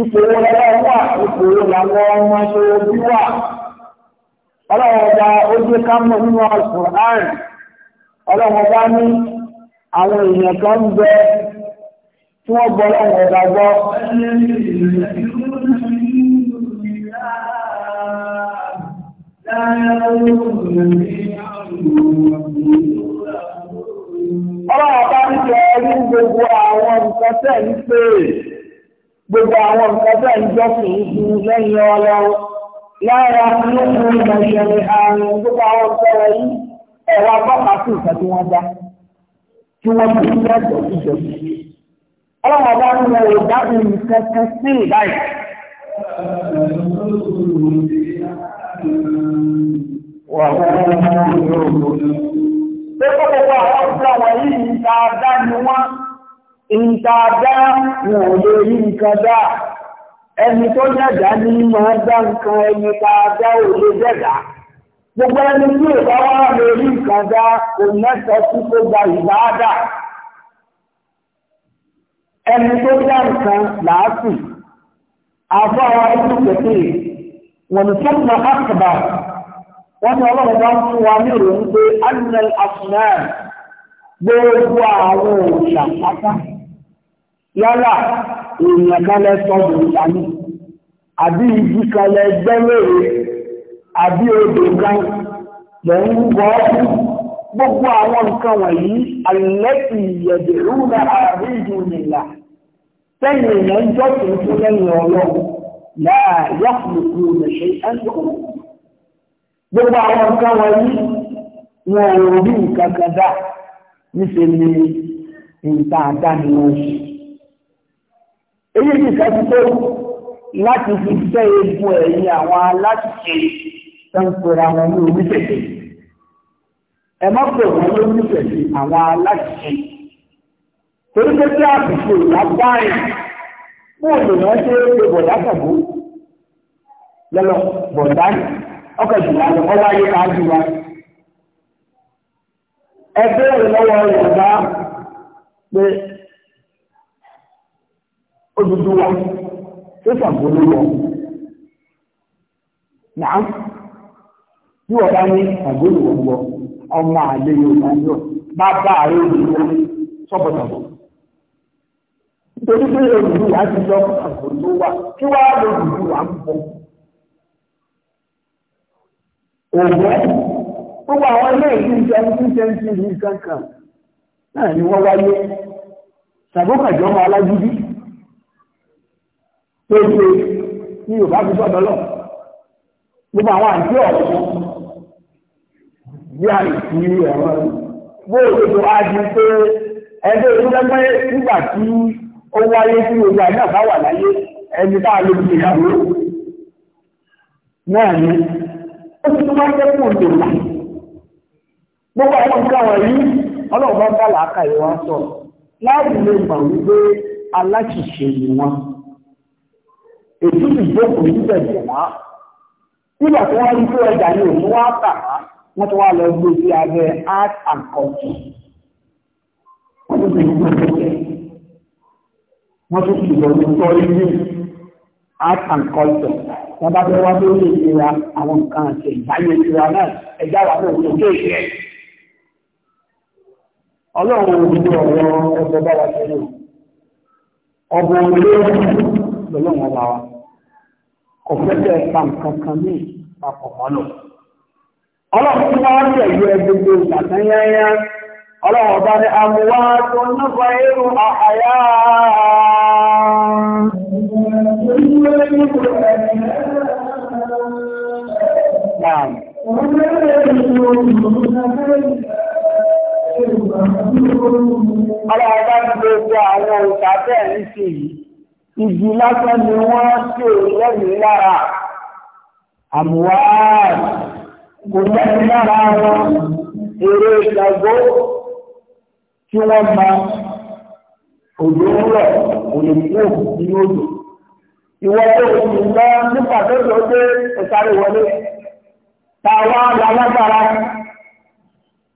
ipò wo lọ́wọ́ wà ipò wo làwọn ọmọ ṣe ojú wà ọlọ́wọ́ ọba ó jẹ́ ká mọ̀ nínú Al-Qur'an ọlọ́wọ́ ọba ní àwọn èèyàn kan ń bẹ tí wọ́n gbọ́ ọlọ́wọ́ ọba gbọ́. ọlọ́wọ́ ọba ń jẹ́ ní gbogbo àwọn nǹkan tẹ̀ ń pè é. gbogbo àwọn nǹkan bẹ́ẹ̀ ń jọ́sìn ju lẹ́yìn ọlọ́run lára nínú ìmọ̀ṣẹ̀lẹ̀ àrùn gbogbo àwọn ìṣẹ̀lẹ̀ yìí ẹ̀rọ apáta sí nǹkan tí wọ́n dá tí wọ́n ti ń lẹ́tọ̀ọ́ sí ọlọ́run ọba ń lọ ìdáhùn nǹkan kan sí nǹkan dá wọn ò lè rí nǹkan dá ẹni tó dẹ̀dá ní máa dá nǹkan ẹni tá a dá ò lè dẹ̀dá gbogbo ẹni tí ò bá wá lè rí nǹkan dá kò mẹ́tọ́ sí kó gba ìbáadà ẹni tó dá nǹkan làásù àfọwọ́ ẹni pẹ̀tẹ́ wọn tó mọ àkàbà wọn ni ọlọ́run bá ń fún wa ní ìròyìn pé anil asman gbogbo àwọn òòṣà pátá yálà èèyàn kan lẹ sọ́dọ̀ ìyàní àbí ibi kan lẹ gbẹ́lẹ̀rẹ̀ àbí odò kan lẹ ń gbọ́ gbogbo àwọn nǹkan wọ̀nyí àlẹ́tì ìyẹ̀dẹ̀rú na àrí ìdù nìlà tẹ́yìn èèyàn ń jọ́sìn fún lẹ́yìn ọlọ́run láà yàtùkù ni nǹkan ṣe èyí ti sẹ́kù tó láti fi fẹ́ egun ẹ̀yìn àwọn aláṣìṣe tó ń pera wọn ní oníṣẹ̀ṣe ẹ má pè wọn ní oníṣẹ̀ṣe àwọn aláṣìṣe torí pé kí àbùkù ìyá báyìí fún ènìyàn ṣe é ṣe bọ̀dá kàbó lọ́lọ́ bọ̀dá ọkọ̀ ìjìnlá lọ́kọ́ wáyé láàájú wa ẹgbẹ́ ìlọ́wọ́ yorùbá pé ó dúdú wá ó sàgbóló wọ nàá bí wọ́n bá ní sàgbóló wọ́n wọ ọmọ àlè yorùbá ní ọ bá bá àárẹ̀ òdòdó sọ́bọ̀tàbọ̀ nítorí pé òdòdó wà ti lọ sàgbóló wà kí wàá lọ òdòdó wà ń bọ̀ òwò gbogbo àwọn ilé ìlú ìjẹun tí ń ṣe ń ṣe ní kankan náà ni wọ́n wáyé sàgbókàjọ́ ọmọ alágídí péjé ní yorùbá fi sọ́dọ̀ lọ gbogbo àwọn àti ọ̀pọ̀ bí pé ẹgbẹ́ ìdúgbẹ́gbẹ́ nígbà tí ó wáyé sí gbogbo àìdàbá wà láyé ẹni tá a lè fi ìyàwó náà ni ó ti jẹ́ kó lè gbogbo àwọn nǹkan wọ̀nyí ọlọ́run bá bá láti lè wípé èyí sì jókòó síbẹ̀ jẹ̀má nígbà tí wọ́n rí pé ọjà ní òun wá tà á wọ́n ti wá lọ gbé sí abẹ́ art and culture wọ́n tún fi gbé ọjọ́ ní sọ ilé art and culture wọ́n bá fẹ́ wá tó lè nira àwọn nǹkan àti ìbáyé ìtura náà ẹ̀dá wà náà ló dé ìṣe ọlọ́run òbí ọ̀rọ̀ ẹgbẹ́ bá wa ṣe lò ọ̀bùn olóògùn lọ́lọ́run ọba wa kò fẹ́kẹ́ pa nǹkan kan ní papọ̀ mọ́lò. ọlọ́run tí wọ́n tẹ̀ yọ gbogbo ìgbàkan yáyá ọlọ́run tó ń irú àhàyà. Ọlọ́run bá ń gbogbo àwọn òṣàtẹ̀ ń ṣe yìí. Ìjì lásán ni wọ́n ṣe lẹ́yìn lára. Àmúwá kò lẹ́yìn lára wọn eré ìṣàgbó tí wọ́n ma òjò ń rọ̀ òyìnbó nínú òjò. Ìwọ́n tó ti lọ nípa tó tó dé ìsáré wọlé. Tàwa lálágbára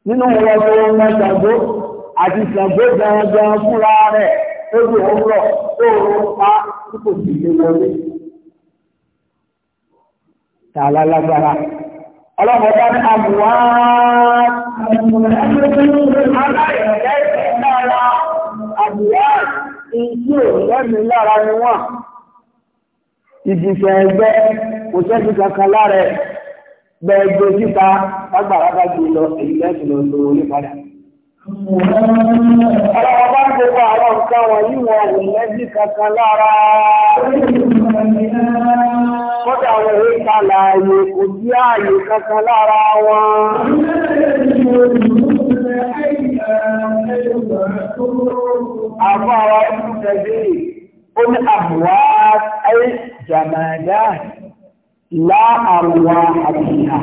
nínú ìwọ́n tó ìṣàgbó àti ìṣàgbó gan-an gan rẹ̀. ewu ọwúrọ̀ oòrùn pa tí kò sì lè wọlé. Tààlà lágbára. Ọlọ́pàá bá ní ẹgbẹ́ kò kankan lára ẹ̀ gbẹ̀ẹ́gbẹ̀ síta lágbàrá bá gbé lọ èyí lẹ́sìn lọ lówó padà. Ọ̀rọ̀ bá ń gbogbo àwọn nǹkan wọ̀nyí wọn wò lẹ́bí kankan lára. Kọ́dà wọn èé kalà ààyè kò sí ààyè kankan lára wọn. Àwọn àwọn ìṣẹ̀lẹ̀ ó ní àbúwá ayé jàmàdá lá àrùwá àbíyà.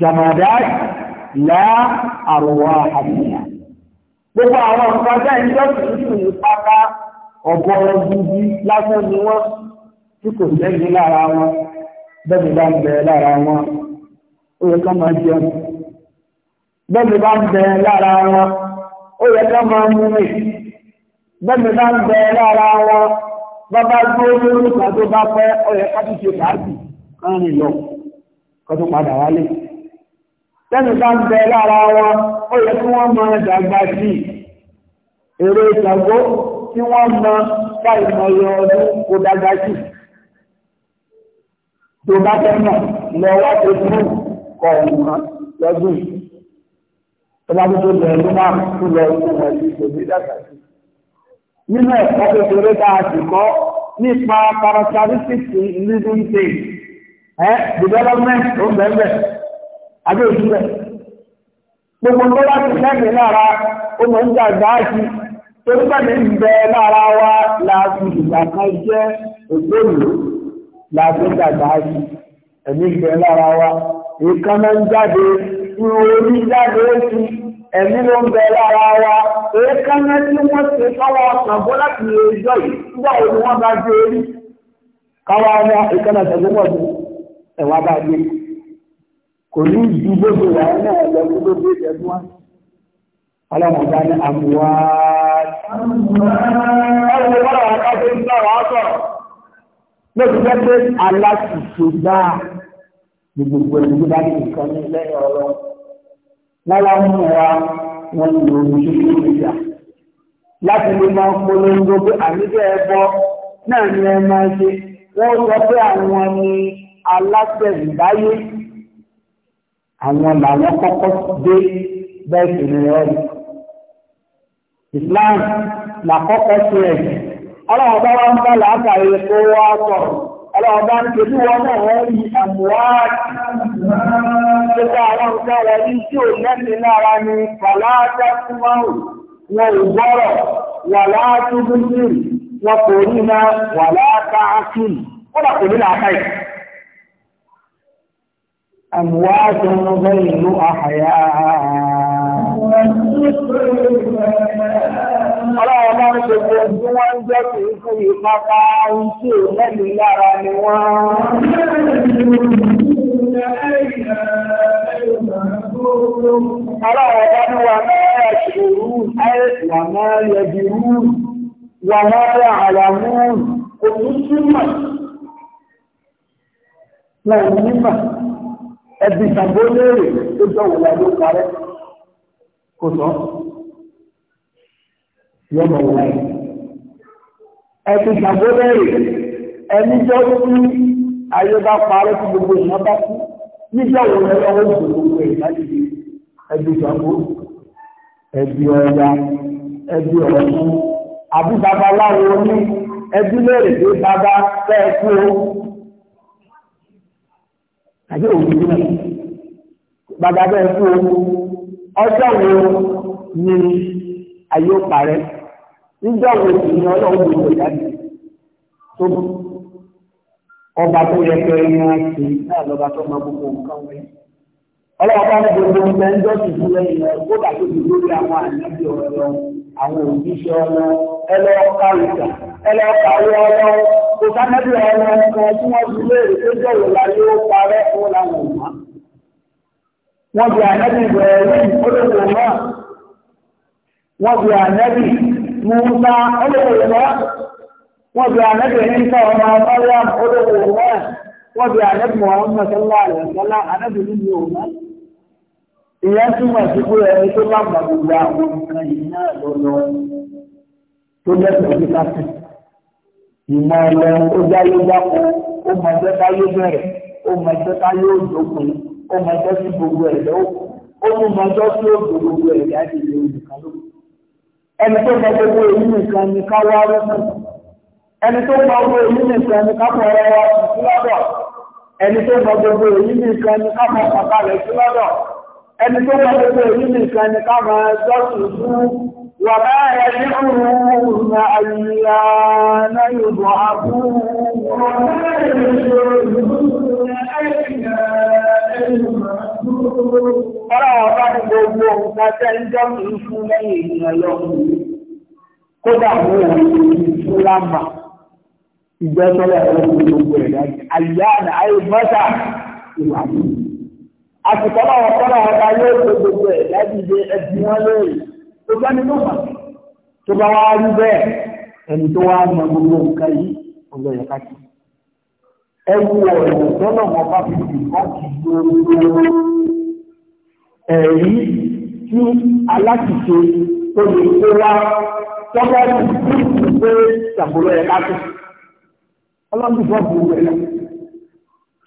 Jàmàdá lá àrùwà àbíyà. Gbogbo àwọn nǹkan jẹ́ ìjọ tuntun ní pátá ọ̀gọ́rọ̀ gidi lásán ni wọ́n tí kò sẹ́yìn lára wọn bẹ́ẹ̀ bá ń bẹ lára wọn ó yẹ ká máa jẹun. Bẹ́ẹ̀ bá ń bẹ lára wọn ó yẹ ká máa mú mi. Bẹ́ẹ̀ bá ń bẹ lára wọn bàbá gbé lórúkọ tó bá pẹ́ ó yẹ ká tún ṣe pàápì kan rìn lọ kó tó padà wálé tẹ́nu bá ń bẹ lára wọn ó yẹ kí wọ́n mọ dàgbà sí èrè ìtàgbó tí wọ́n mọ káìmọye ọdún kò dàgbà sí tó bá tẹ́nà lọ wá tó fún kọ̀ọ̀kan lọ́dún tó bá tó bẹ̀rẹ̀ ló máa kú lọ ìwọ̀n ẹ̀sìn kò dàgbà sí nínú ẹ̀kọ́ kékeré tá a sì kọ́ nípa characteristics living things development tó bẹ̀rẹ̀ àbí òṣù rẹ̀. Gbogbo lára ń ń bẹ lára ìgbà kan jẹ́ ògbóòlù ẹ̀mí ń bẹ lára ń jáde, orí jáde ó ti ẹ̀mí ló ń bẹ lára wọ́n ṣe káwọ́ láti lè jọ yìí nígbà wo ni wọ́n bá gbé orí káwọ́ ọmọ kò ní ìdí gbogbo wà náà lọ sí gbogbo ìjẹ̀dú wọn ọlọ́mọba ní àmúwá lóòtútọ́ pé aláṣìṣe bá ní gbogbo ẹni tó bá ní nǹkan ní lẹ́yìn ọ̀rọ̀ wọn wá mú wa wọn lò ó ní ṣíṣe ìjà láti lè máa polongo pé àníjẹ́ ẹbọ náà ni ẹ máa ṣe wọ́n sọ pé àwọn ni alátẹ̀ǹdáyé àwọn làwọn kọ́kọ́ dé bẹ́ẹ̀ sì ni Islam làkọ́kọ́ sí ẹ̀ ọlọ́run bá wá ń bá làákàrí tó wá sọ̀rọ̀ ọlọ́run bá ń kejú wọn náà wọ́n rí àmúwáàtì tó bá àwọn rẹ̀ ní tí ò ni أموات غير أحياء Ọlọ́run máa ń ṣe gbogbo wọ́n jẹ́ kí fún ìpapá oúnjẹ mẹ́lì lára ni wọ́n. Ọlọ́run bá ní wà máa ṣòro wà máa yẹbi rú, wà máa rẹ̀ àlàmú, òtútù mà, lẹ́yìn mímà ẹbí ìtàgbó léèrè tó jọ wò láyé ó parẹ́ kò sọ yọ mọ̀ wò láyé ẹbí ìtàgbó léèrè ẹni jọ sí ayé bá parẹ́ tí gbogbo ìyàn bá kú níjọ́ wò láyé ọwọ́ ìgbò gbogbo ẹ̀ láti di ẹbí ìtàgbó ẹbí ọ̀ya ẹbí ọ̀rọ̀ àbí babaláwo ní ẹbí léèrè pé bàbá fẹ́ẹ́ kú o àbí òbí náà bàbá bẹ́ẹ̀ fún o ọjọ́ wo ni ayé parẹ́ níjọ́ wo sì ni ọlọ́run ló lè jáde tó bù ọba tó yẹ kẹ́ ẹni á ṣe náà lọ́ba tó máa gbogbo nǹkan wẹ̀. ọlọ́run bá ń gbogbo ẹgbẹ́ ń dọ́sùn fún lẹ́yìn rẹ̀ kó bàtó ti lórí àwọn àyànjú ọ̀rọ̀ lọ́wọ́ àwọn òjíṣẹ́ ọlọ ẹlọ́ọ̀ká ìjà ẹlọ́ọ̀ká ọlọ́ òsánẹ́bí ọlọ kan tí wọ́n fi léèrè tó jọ̀wọ́ láyé ó parẹ́ ó láwọn òmá wọ́n fi ànẹ́bí bẹ̀rẹ̀ olóòwò náà wọ́n fi ànẹ́bí mùsà olóòwò náà wọ́n fi ànẹ́bí nípa ọmọ ọmọ olóòwò náà wọ́n fi ànẹ́bí mọ̀ọ́mọ́ sọ́lá àlẹ́sọ́lá ànẹ́bí nínú òmá ìyẹn túmọ̀ sí pé ẹni tó bá gbà gbogbo àwọn nǹkan yìí náà lọ́lọ́ tó lẹ́sọ̀ọ́ sí káfí ìmọ̀ ọlọ́run ó jáyé dákun ó mọ ẹgbẹ́ táyé bẹ̀rẹ̀ ó mọ ẹgbẹ́ táyé òjòkun ó mọ ẹgbẹ́ sí gbogbo ẹ̀dá ó mú mọ ẹjọ́ sí òjò gbogbo ẹ̀dá àti ìlú nìkan ló ẹni tó mọ gbogbo èyí nìkan ni ká wá rẹ́sùn ẹni tó mọ gbogbo èyí nìkan ni ká fọ ọ̀rọ̀ wa sí lọ́dọ̀ ẹni tó mọ gbogbo èyí nìkan ni ká fọ kàkà rẹ̀ sí lọ́dọ̀ ẹni tó bá gbogbo èyí nìkan ni ká máa jọ́sìn fún wà báyẹ̀ ní òun na àyíyá náà yóò àbú Ọlọ́wọ́ bá ní gbogbo nǹkan tẹ́ ń jọ́sìn fún lẹ́yìn ènìyàn lọ́wọ́ kódà mú òun fún lámbà ìgbẹ́sọ́lẹ̀ ọ̀rọ̀ gbogbo ẹ̀dá àyíyá náà àyè mọ́ta ìwà mú àsìkò náà wọ́n kọ́nà ọ̀gá yóò tó gbogbo ẹ̀ lábìdé ẹbí wọn lórí tó bá nínú mọ̀ tó bá wá rí bẹ́ẹ̀ ẹni tó wá mọ gbogbo nǹkan yìí ọ̀gbẹ́ yẹn káàkiri. ẹ wù ọ̀rọ̀ tọ́nà wọn bá fi fi kọ́ kì gbogbo ẹ̀rí tí aláṣìṣe tó lè kó wá tọ́gbà tí kò pé ṣàkóló yẹn káàkiri. ọlọ́run ti fọ́ gbogbo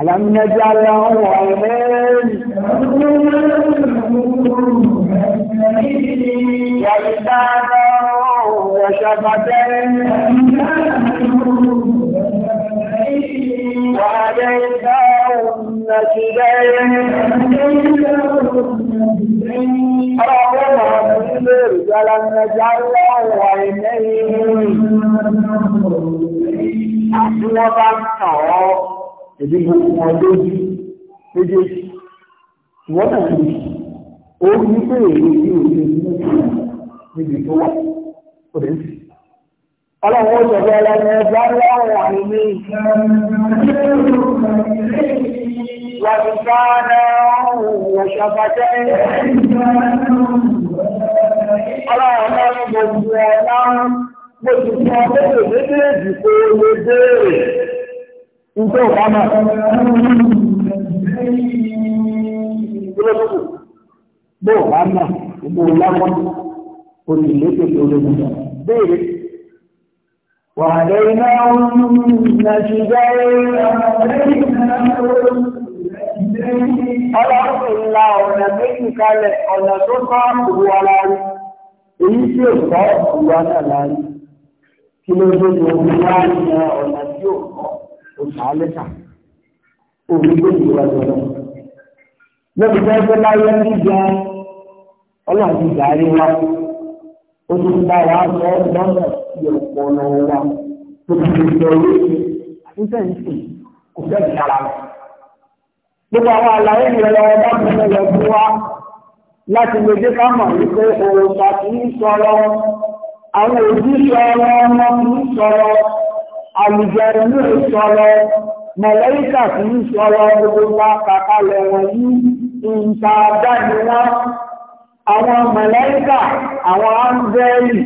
ألم نجعل له عينين ولسانا وشفتين وهديناه النجدين اللهم انصر فلم نجعل له عينين أحلف التراب èdè gbogbo wọn lójú méjèèjì wọ́n náà ní ó ní pé èrè tí ò ní mú níbi tó wà ó lè sí. Ọlọ́run ó sọ pé ẹgbẹ́ aláwọ̀ àìní wàtúkánà òṣàfàjẹ́ ọlọ́run náà gbogbo ọlá gbogbo ọlọ́run méjèèjì kò lè béèrè. Ìjọ ìbámọ̀. Bó bá mọ̀, ìbò lápọ̀, olùlékèké ológun. Béèrè. Wà lẹ́yìnà òun nàìjíríà Ọlọ́run la ọ̀nà méjì kalẹ̀ ọ̀nà tó kọ́ ìwọ alárí. Èyí tí ò kọ́ ìwọ náà lárí. Kí ló dé ní láàrin ọ̀nà tí ò kọ́? òṣàlẹ́ta òwúgbò ìwà ìjọba lọ́bi tó ń fẹ́ láyé ní ìjọ ọlọ́run ti dàrí wa ó ti bá wa sọ lọ́nà sí ọpọlọ wa tó ti fi sọ orí àtúntẹ̀ǹtì kò fẹ́ ìtara rẹ̀. gbogbo àwọn àlàyé ìrẹ̀ lọ́wọ́ bá mi lọ fún wa láti lè dé ká mọ̀ wípé òòṣà kì í sọ̀rọ̀ àwọn òbí sọ̀rọ̀ ọmọ kì sọ̀rọ̀ àlùjẹrẹ ní ìṣọ̀rọ̀ mọ̀lẹ́ríkà tí ń ṣọ̀rọ̀ gbogbo wa kàkalẹ̀ wọ̀nyí ìta dáni wọn àwọn mọ̀lẹ́ríkà àwọn áńgẹ́lì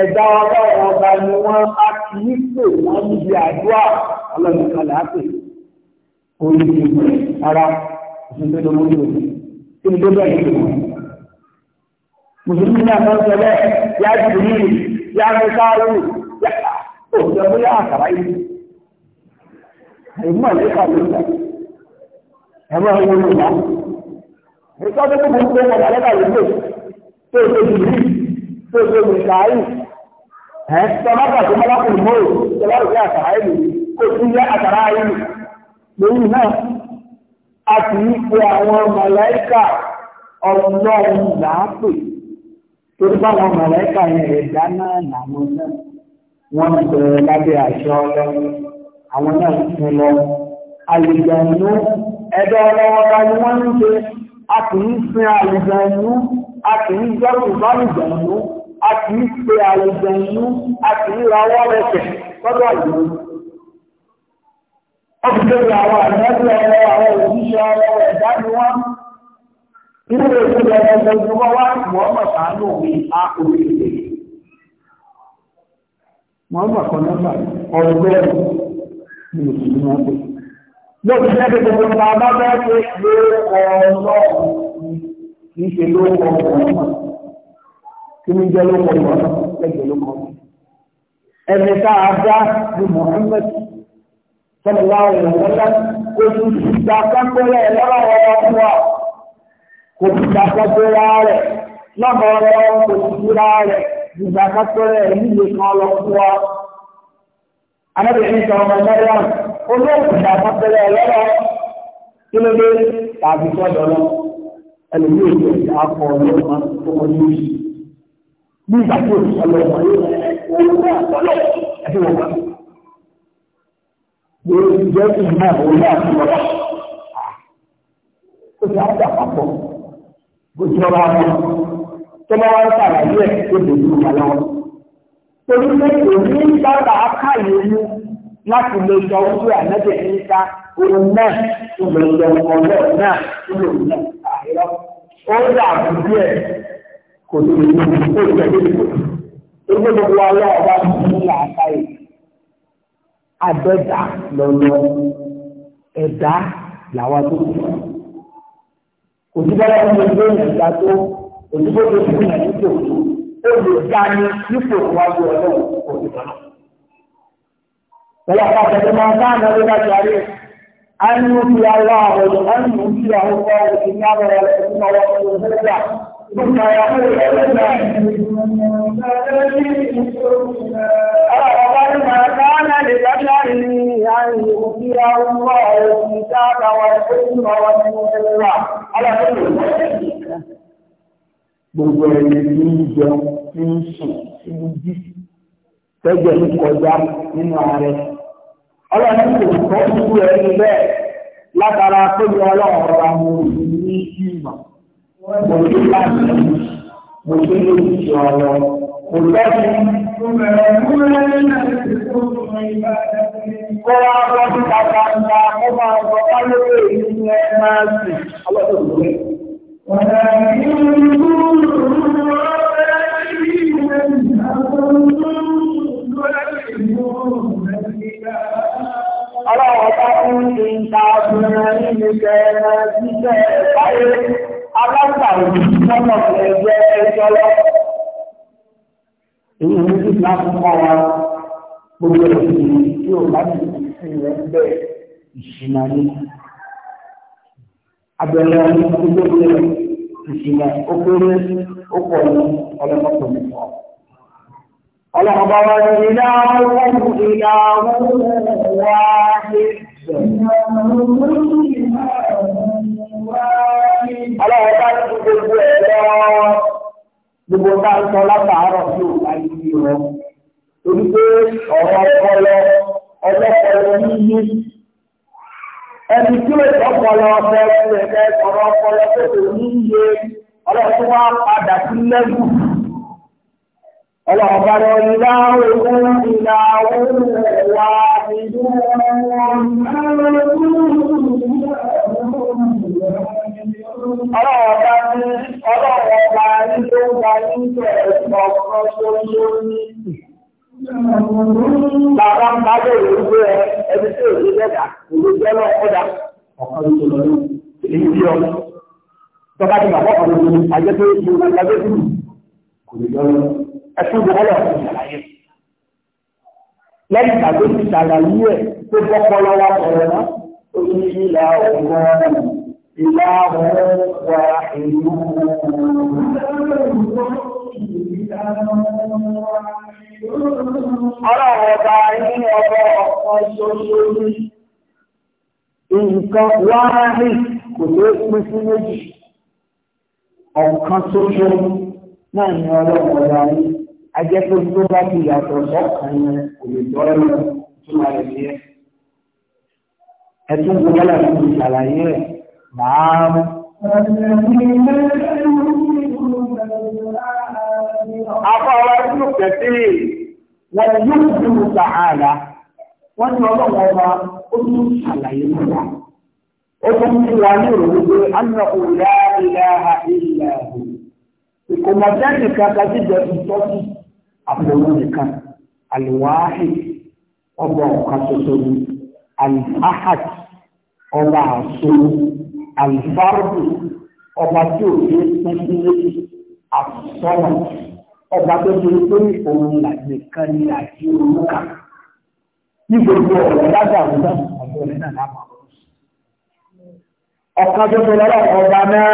ẹ̀dá ọlọ́run ọba ni wọ́n á kì í pè wọ́n níbi àdúrà ọlọ́run kan là á pè orí ìlú ara ìṣẹ̀lẹ̀ lọ́wọ́ yóò kí ni tó bẹ̀rẹ̀ ìlú wọn. mùsùlùmí náà kan sọ bẹ́ẹ̀ yá jùlọ yá mẹ́ta rú òjò bóyá àkàrà yìí ìmọ̀ nípa ló ń bá ẹ̀rọ ẹ̀wọ̀n ló ń bá ìtọ́ tó kún fún ọmọ lẹ́tà lóko tó tó ti rí tó tó ti kàáyì ẹ̀ tọ́lá pàṣẹ mọ́lá kò mọ́ ò tọ́lá òjò àkàrà yìí kò tún yẹ àkàrà yìí lórí náà a kì í pe àwọn mọ̀lẹ́kà ọlọ́run làápè torí báwọn mọ̀lẹ́kà yẹn ẹ̀dá náà làwọn náà wọ́n ń bẹ lábẹ́ àṣẹ ọlọ́run àwọn náà ń fún lọ àlùjànnú ẹgbẹ́ ọlọ́wọ́ bá ní wọ́n ń ṣe a kì í sin àlùjànnú a kì í jọ́kùn bá àlùjànnú a kì í pe àlùjànnú a kì í ra ọwọ́ rẹ̀kẹ̀ lọ́dọ̀ àjùmọ̀ ọ̀pọ̀lọpọ̀ àwọn àmọ́sí ọmọ àwọn òṣìṣẹ́ ọmọ ẹ̀dá ni wọ́n inú rẹ̀ tó lọ ẹgbẹ́ ojú wọn wá mọ́ ọmọ sàánú mi á orí ìdè mọ́ọ́mà kan nọ́mbà ọ̀rọ̀gbẹ́rún ní mùsùlùmí wọn pé lóòtú jẹ́ pé gbogbo ọmọ bá bẹ́ẹ̀ pé ló kọ ọlọ́run kì í ṣe ló kọ ọmọ kí ni jẹ́ ló kọ ọmọ lẹ́gbẹ̀ẹ́ ló ẹni tá a ní Muhammad sọlá òyìnbọ́lá kò tún ti gba kápẹ́rẹ́ lọ́rọ̀ ọ̀rọ̀ wa kò tún gba kápẹ́rẹ́ rẹ̀ ọ̀rọ̀ kò tún ìgbà kápẹ́rẹ́ nílé kan lọ fún wa. Anábìrin sọ̀rọ̀ mọ̀lẹ́rọ̀ olóòkú ìgbà kápẹ́rẹ́ lọ́rọ̀ kí ló dé tàbí sọ́dọ̀ lọ. Ẹlòmí èdè ìjà akọ ọlọ́mọ tó kọjú yìí. Bí ìgbà tí òkú ọlọ́mọ yóò wọ́n ọlọ́ ẹ̀fí wọn kan. Yóò jẹ́ ìgbà òun náà ti lọ́wọ́. Ó ti á papọ̀. Bó ti ọba wọn tó bá wá ń ṣàlàyé ẹ̀ tó lè ní ìyá lọ́wọ́. torí pé èmi sábà káyé mú láti lè sọ wípé ànájẹ ní ká òun náà tó lè sọ ọ̀rọ̀ náà tó lè ní àìrọ́. ó dà bú díẹ̀ kò tó lè ní kó tẹ̀lé ìbò. torí gbogbo ọlọ́ ọba ní làákàyè. Adẹ́dà lọ́lọ́ ẹ̀dá làwọn tó kù. Kò sí bá wọn ní ìgbà tó òdìbò tó ti gbìyànjú tó tó olùdáni nípò wájú ọlọ́run òdìbò náà. Ìyá pàṣẹ tó máa ń bá àwọn ọdún láti àárẹ̀ ánú ti àwọn àwọ̀dọ̀ ánú ti àwọn ọkọ̀ òsì ní àwọn ọ̀rọ̀ ẹ̀sìn náà wọ́n ti wọ́n gbà. Nípa ìyàwó ìrẹ̀lẹ̀ náà. Àwọn ọ̀gá ní màá sáánà àwọn ọmọ gbogbo ẹni tí ń jẹun tí ń sùn tí ń jí tẹ́jẹ̀ ń kọjá nínú ààrẹ. ọlọ́run kò tọ́ irú ẹni bẹ́ẹ̀ látara pé ní ọlọ́run ọba mo rí ní ìmọ̀ mo rí láti mo rí ní ìṣe ọ̀rọ̀ kò tọ́ sí. Kó wá lọ sí kàkàǹkà, kó máa lọ bá lóore ìlú ẹ̀ máa sùn. Ọlọ́run kò tọ́ Ọlọ́wọ́ bá ń fi ń ta ọdúnrún nínú kẹrẹ jíjẹ ẹ̀káyé alágbàwò lọ́nà ẹgbẹ́ ẹjọ́ lọ. Èyí ní kí máa fún kọ́ wa gbogbo ẹ̀sìn tí ò bá ti fi sí rẹ̀ bẹ́ẹ̀ ìṣìnà ní abẹ́lẹ́ gbogbo ìṣìlẹ̀ ó kéré ó pọ̀ ní ọlọ́mọkùn nìkan. ọlọ́mọba wa ní ilé àwọn ìlà àwọn wá ní ọlọ́mọba ní gbogbo ẹ̀rọ gbogbo bá ń sọ látàárọ̀ sí òkà yìí rọ torí pé ọ̀rọ̀ ọpọlọ ọlọ́pọlọ yíyí ẹni tí ó sọ ọpọlọ ọ̀fẹ́ ẹgbẹ́ sọ̀rọ̀ ọpọlọ tó tó ní iye ọlọ́run wá padà sí lẹ́gùn ọlọ́run bá lọ ní láwùrún ìlàwùrún wà nínú ọlọ́run bá ní ọlọ́run bá ní tó bá ní tẹ̀ ọ̀kan tó lórí. Bàbá ń bá bẹ̀rẹ̀ orúkọ ẹ, ẹni tí ò lè dẹ́dà, olóògbé ọlọ́run ọ̀dà, ọ̀kan ló lọ rí, èyí bí ọ. Tọ́ba ti bàbá ọ̀kan lóṣù, àjẹ́ pé mo máa gbàgbé sí mi, kò lè lọ rí. Ẹ tún gbọ́ bọ́lọ̀ fún ìṣàlàyé. Lẹ́yìn ìgbàgbé ti ṣàlàyé ẹ̀ tó bọ́ pọlọ wa sọ̀rọ̀ náà, ó ní ìlà ọ̀gbọ́n ìlà ọ̀gbọ́n wa ìlú. Ọlọ́run ọba ní ọba ọ̀kan ṣoṣo ní nǹkan wáárí kò lè pín sí méjì. Ọ̀kan ṣoṣo náà ni ọlọ́run ọba ní ajẹ́pẹ́ tó bá ti yàtọ̀ sọ́kàn yẹn kò lè tọ́rọ lọ tó máa lè fi ẹ́. Ẹ̀tún kò yálà fún ìṣàlàyé rẹ̀ máa ń. afọ́wá inú kẹsí wọn yóò dúró sàárà wọ́n ní ọlọ́wọ́ ọba ó ní àlàyé nígbà ó tún ní wa ní ìròyìn anna òwúrẹ́ ìlàhà nìkan kájí jẹ ìtọ́jú àfọwọ́ nìkan àlùwáhì ọba ọba ọba tó ti pé òun nìkan ni àti olùkà ní gbogbo ọ̀rọ̀ lágbà àwùjọ ọ̀dọ́ rẹ̀ náà lábàá. ọ̀kan tó ti lọ́wọ́ ọba náà.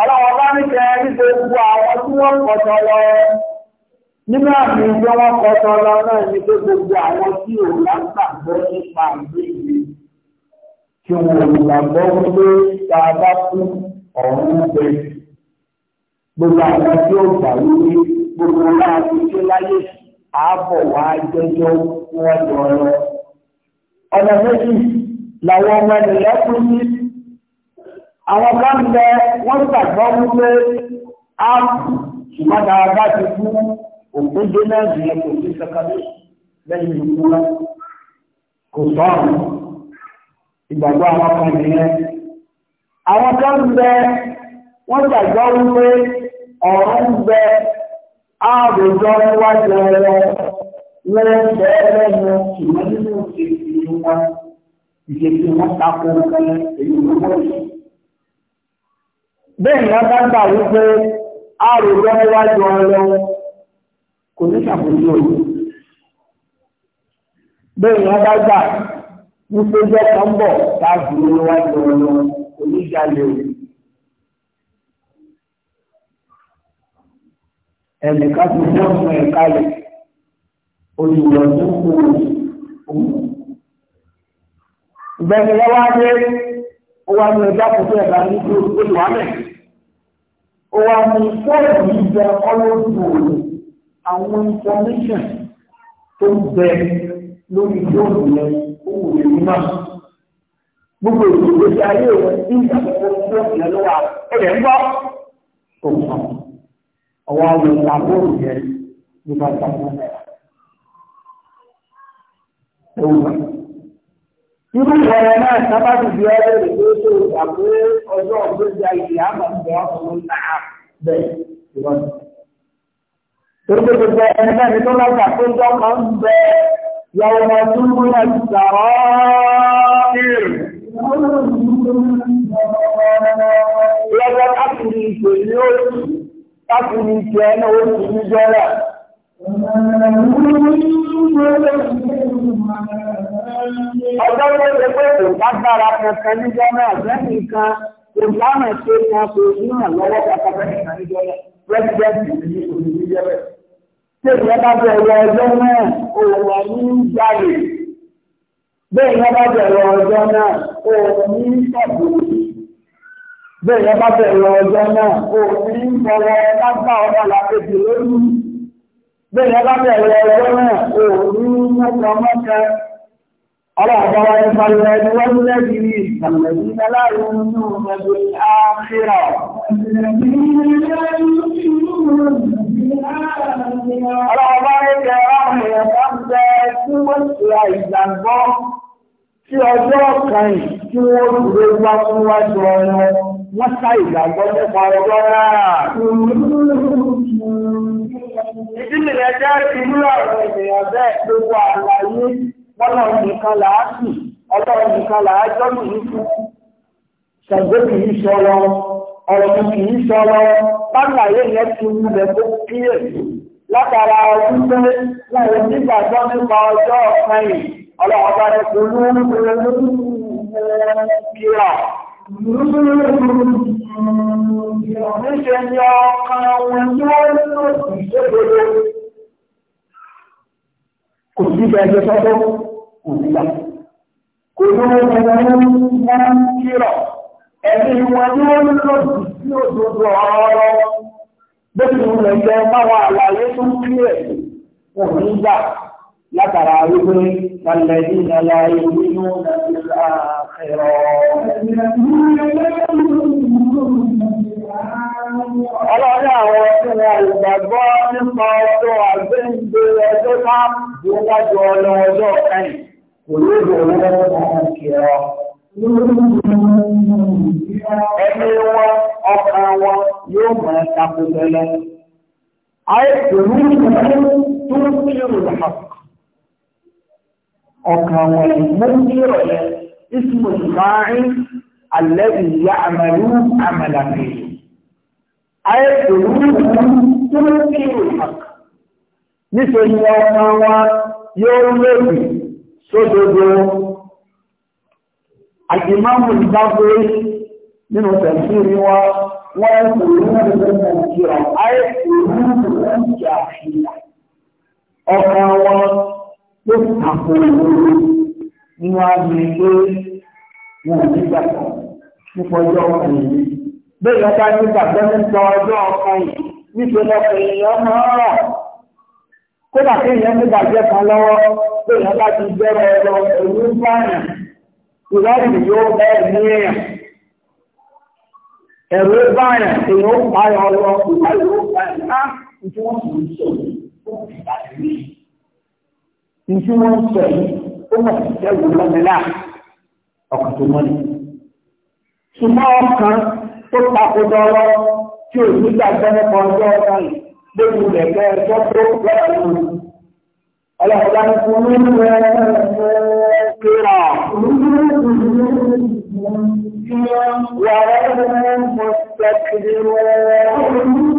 Ọlọ́wọ́ bá ní kẹ́ ní gbogbo àwọn tí wọ́n kọ̀tọ̀ lọ. Nínú àmì ìjọ wọn kọ̀tọ̀ lọ náà ní gbogbo àwọn tí ò lágbàgbọ́ nípa ìgbé kí wọn ò gbàgbọ́ wípé tá a bá kú ọ̀run pé gbogbo àwọn tí ó gbà wípé gbogbo náà ti ṣe láyé ààbọ̀ wá jẹjọ wọn jọ lọ. ọ̀nà méjì làwọn ọmọ ènìyàn kú sí àwọn kan bẹ wọ́n gbàgbọ́ wípé a ṣùgbọ́n tá a bá ti kú òkú dé náà nìyẹn kò sí kankan lẹ́yìn ìlú kò sọ̀rọ̀ ìgbàgbọ́ àwọn kan nìyẹn àwọn kan ń bẹ wọ́n gbàgbọ́ wípé ọ̀rọ̀ ń bẹ ààbòjọ níwájú ẹ̀rọ lẹ́ẹ̀fẹ́ lẹ́nu ṣùgbọ́n nínú ìṣèṣì wọn ìṣèṣì wọn tako nǹkan èyí ló wọ́n ṣe. bẹ́ẹ̀ ni wọ́n bá gbà wípé ààbòjọ níwájú ẹ̀rọ kò ní ṣàkóso òun bẹ́ẹ̀ ni wọ́n bá gbà nípéjọ kan bọ̀ káàkiri níwájú ọ̀nà oníjàlè òní. ẹnìkan ti fún ọmọ ẹ̀ kalẹ̀ olùwọ̀ tó kú òun. ìgbẹ́ni lọ́wọ́ adé ó wá ní ẹja kò fẹ́ ẹ̀ka ní olùwámẹ̀. ó wá ní fóònù yìí jẹ ọlọ́dún òní information kù lè ní máa. Gbogbo ìdílé ti ayé òun ní ìdàgbàsókè tó ń lọ lọ́wọ́ ẹ̀rẹ̀ ń bọ́. Kò mọ̀. Ọwọ́ àwọn ìta bóòlù yẹn ló bá gbà wọ́n mẹ́ra. Ewúrọ̀. Irú ìwọ̀n náà sábà dìbò ẹ̀rẹ́ rẹ̀ tó tó ìgbàgbé ọjọ́ ọ̀gbẹ́jà ìyá àmọ̀ ọ̀hún náà bẹ́ẹ̀ ìrọ̀lẹ́. Torí gbogbo ẹni náà ní tó lọ́gbà يوم تبلى السرائر lọ́jọ́ káàkiri ìpè ní oṣù káàkiri ìpè ẹ̀nà oṣù ní jọ́lá. ọjọ́ tó ṣe pé kò lágbára kankan ní jọ́lá lẹ́yìn kan kò lánàá ṣe kan kò sí ìrànlọ́wọ́ kankan lẹ́yìn kan ní jọ́lá tí èèyàn bá bẹ̀rẹ̀ ọjọ́ náà òwò ní jáde bẹ́ẹ̀ yẹn bá bẹ̀rẹ̀ ọjọ́ náà òwò ní sàbòsí bẹ́ẹ̀ yẹn bá bẹ̀rẹ̀ ọjọ́ náà òwò ní bọ̀wọ̀ lágbà ọmọ làkejì lórí bẹ́ẹ̀ yẹn bá bẹ̀rẹ̀ ọjọ́ náà òwò ní mọ́tọ́mọ́tọ́ ọlọ́ọ̀dọ́ wa ní balùwẹ̀ ni wọ́n ní ìsàlẹ̀ yìí Ọlọ́wọ́ bá ní jẹ ọmọ ẹ̀ká ń bẹ tí wọ́n ti ra ìgbàgbọ́ tí ọjọ́ kan tí wọ́n dúró wá fún wájú ọmọ wọ́n sá ìgbàgbọ́ nípa ọjọ́ náà. Ìdílé rẹ̀ jẹ́ ìlú ọ̀rọ̀ ènìyàn bẹ́ẹ̀ gbogbo àlàyé wọ́n nìkan làásù, ọlọ́run nìkan làájọ́ nìyí fún. Ṣàgbé kìí ṣọlọ ọ̀rọ̀ mi kì í sọ̀rọ̀ bákàyé yẹn ti wulẹ̀ tó kíyè látara wípé wọn ò nígbàgbọ́ nípa ọjọ́ ọ̀pẹ́yìn ọlọ́wọ́ bá rẹ̀ kò ní kíra. Níṣe ni ọkàn wọn yóò lò sí ṣébèrè. Kò sí bẹ̀rẹ̀ sọ́dọ̀ kò sí lọ. Kò ní ọmọ wọn kíra ẹ̀mí wọn ní wọ́n ní lọ́sì sí òdodo ọ̀rọ̀ bóbi ní ilẹ̀ jẹ́ báwọn àlàyé tó ń kí ẹ̀ wọn ní gbà látara wípé kalẹ̀ ní ìlànà ìlú inú nàìjíríà ẹ̀rọ. Ọlọ́run àwọn tí wọn ò gbàgbọ́ nípa ọjọ́ àgbéǹde ọjọ́ náà bí wọ́n wájú ọlọ́wọ́jọ́ ẹ̀yìn kò lóògùn owó kìí ọ. Ẹni wọn, ọkàn wọn yóò máa tako tẹ́lẹ̀. Àìsàn ní ìlú tó ń fi ìròyìn hàn. Ọkàn wọn mú ní ìrọ̀lẹ́, ìsìnkú ìbáàrín alẹ́ ìyá àmàlú àmàlàfẹ́. Àìsàn ní ìlú tó ń fi ìròyìn hàn àjìmáàmù ìgbàgbé nínú tẹ̀sírí wa wọ́n ń pè ní ẹgbẹ̀rún nàìjíríà àìsíríà ìjà àfihàn ọkọ̀ wọn ló tàkò ìwòrò nínú àmì pé wọn ò nígbà nípa ọjọ́ ọkọ̀ yìí bẹ́ẹ̀ lọ́ta nígbà tó ń sọ ọjọ́ ọkọ̀ yìí nítorí ọkọ̀ èèyàn máa ń rà kódà kéèyàn nígbà jẹ́ kan lọ́wọ́ bẹ́ẹ̀ lọ́ta ti bẹ̀rẹ̀ ìwádìí yóò bẹ́ẹ̀ ní èèyàn ẹ̀rọ báyà èèyàn ó pààyà ọlọ́ ìwádìí ó pààyà tí wọ́n sì ń sọ yìí ó ti bá ti rí ìjú wọn sọ yìí ó mọ̀ sí ẹ̀wọ̀n lọ́mọlá ọkàn tó mọ́ni ṣùgbọ́n ọkàn tó takodọ́ lọ tí ò ní gbàgbọ́ nípa ọjọ́ ọ̀sán yìí lórí ilẹ̀ kẹ́ ẹjọ́ tó bẹ́ẹ̀ lù ọlọ́ọ̀dá ní fún mímú ẹ̀rọ مستكبرا وغير مستكبرون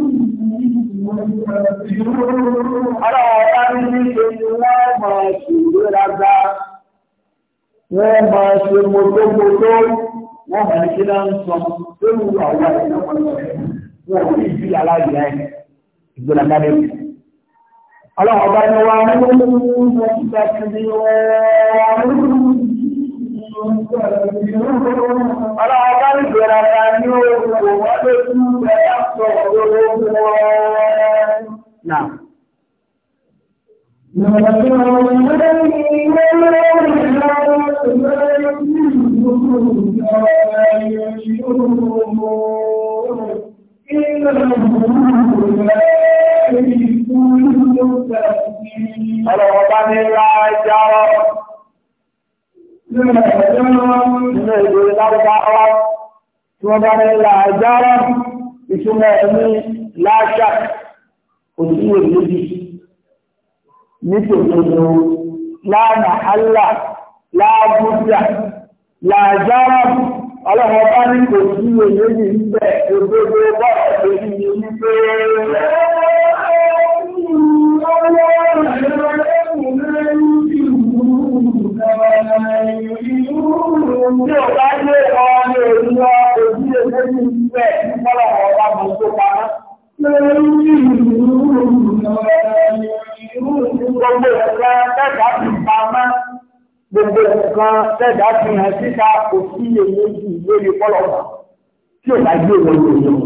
Ọlọ́run ní ṣe wọ́n máa ṣe ìgbéraga, wọ́n máa ṣe mọ́tómọ́tó, wọ́n máa ṣe náà ń sọ tó wù àwọn ìlú àwọn ìlú àwọn ìlú aláìláì ìgbéraga lẹ́yìn ọlọ́wọ́ bá ní wá nínú ìgbà tí ọlọ́wọ́ bá ní bẹ̀rẹ̀ ta ní oòrùn wọ́n lè tún bẹ̀rẹ̀ sọ oòrùn wọn náà Thank you. Ọlọ́wọ́ bá ní rájá Nínú èdè lárúbáwá tí wọ́n bá ní láàjá ìṣúná ẹni láṣà òsí èlébi nítòkòrò láàmà hálà láàbúdà láàjá Ọlọ́run bá ní kò sí èyí ń bẹ̀ òdodo bọ́ọ̀ tó ní ní wípé. Tí ò bá gbé ọmọ ní èyí lọ, èyí èyí ní bẹ̀ ní fọ́lọ̀wọ̀ ọba mọ̀ tó pamọ́. Gbogbo ìgbà kẹ́kọ̀ọ́ ti pamọ́ gbogbo nǹkan tẹ́jà fi hàn síta kò sí èyí lórí pọ́lọ́pàá tí ò bá gbé wọn lòyìn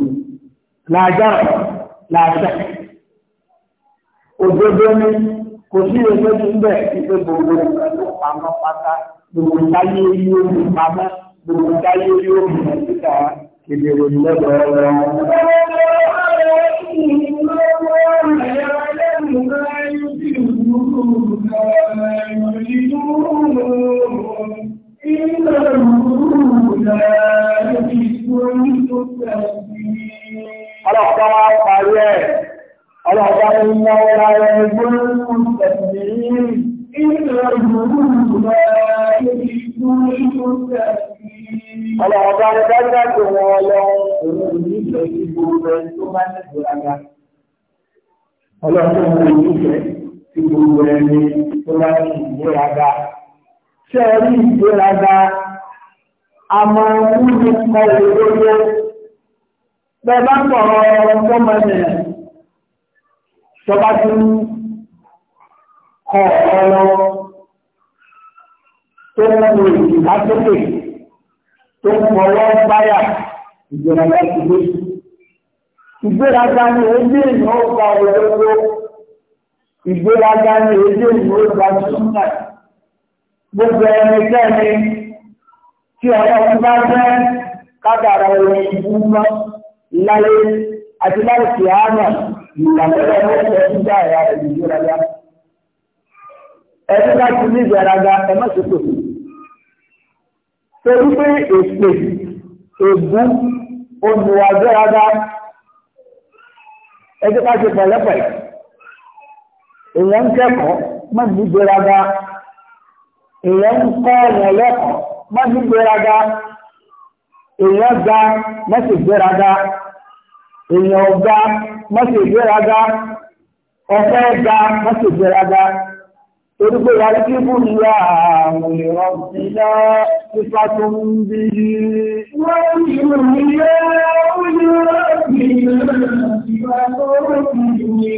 láàjá láàṣẹ. Òdodo ni kò sí èyí tí ń bẹ̀ ìpé gbogbo nǹkan tó pamọ́ pátá gbogbo táyé ilé omi pamọ́ gbogbo táyé ilé omi hàn síta kedere lọ́dọ̀ ọ̀rọ̀. Ọ̀rọ̀ ọ̀rọ̀ ìlú ọ̀rọ̀ ẹ̀rọ ẹlẹ́rìí Ọlọ́pàá wá parí ẹ̀, ọlọ́pàá ń mọ́ ọlá ẹgbẹ́ ìgbẹ̀rẹ̀ Ọlọ́ọ̀bá ni dájá tó wọn ọlọ́run òun ní ìfẹ́ sí gbogbo ẹ̀ tó bá ní ìgbòrànga. Ọlọ́ọ̀bá ni ìfẹ́ tí gbogbo ẹni tó bá ní ìgbéraga. Ṣé ẹ rí ìgbéraga? A máa ń mú ní ọ̀rọ̀ lóyún. Bẹ́ẹ̀ bá sọ̀rọ̀ ọ̀rọ̀ tó máa Ṣọba ti ń kọ ọ̀rọ̀ tó ń lo ìdìbà tó ń fọwọ́ báyà ìgbéraga ti dé. Ìgbéraga ni ó dé ìnáwó pa ọ̀rọ̀ lóyún ìgbéraga ní èdè ìwòrò gbajúmọ̀ gbogbo ẹni tẹ́ni tí ọlọ́run bá fẹ́ kádàrà orin ìbúmọ́ láyé àti láì fi àánà ìgbàlẹ́rẹ́ mẹ́fẹ́ ń dá ẹ̀yà rẹ̀ ìgbéraga ẹni bá ti ní ìgbéraga ẹ má ṣe pè torí pé èpè ègún olùwàgbéraga ẹjọ́ bá ṣe pẹ̀lẹ́pẹ̀lẹ́ èèyàn ń kẹ́kọ̀ọ́ má ní gbéraga èèyàn ń kọ́ ọ̀rọ̀ lẹ́kọ̀ọ́ má ní gbéraga èèyàn ga má sì gbéraga èèyàn ọ̀gá má sì gbéraga ọ̀fẹ́ ga má sì gbéraga torí pé wà ní kíkú ní àwọn ìran ti ná nípa tó ń bí i. wọ́n ti rò ní ẹ́ ó yẹ ọ́ bí i nípa tó ń bí i.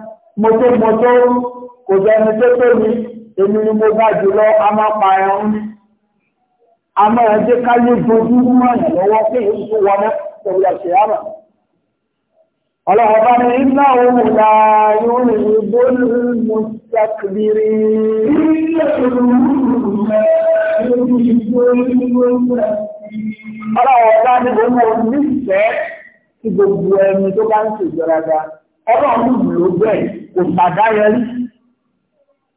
mọ́tòmọ́tò kò jẹni tó tó ní èmi ni mo bá jùlọ a máa pa ẹran ní a máa jẹ́ káyé dojú mọ́nà lọ́wọ́ pé èyí tó wọlé pẹ̀lú ẹ̀ṣẹ̀ àmà ọlọ́ọ̀bá ni iná òun là yóò rí bólú mo ṣàkìbìrì ọlọ́ọ̀bá ni òun ò nífẹ̀ẹ́ tí gbogbo ẹni tó bá ń ṣèjọra ga ọlọ́ọ̀bá ló bẹ́ẹ̀ kò pàdáyẹ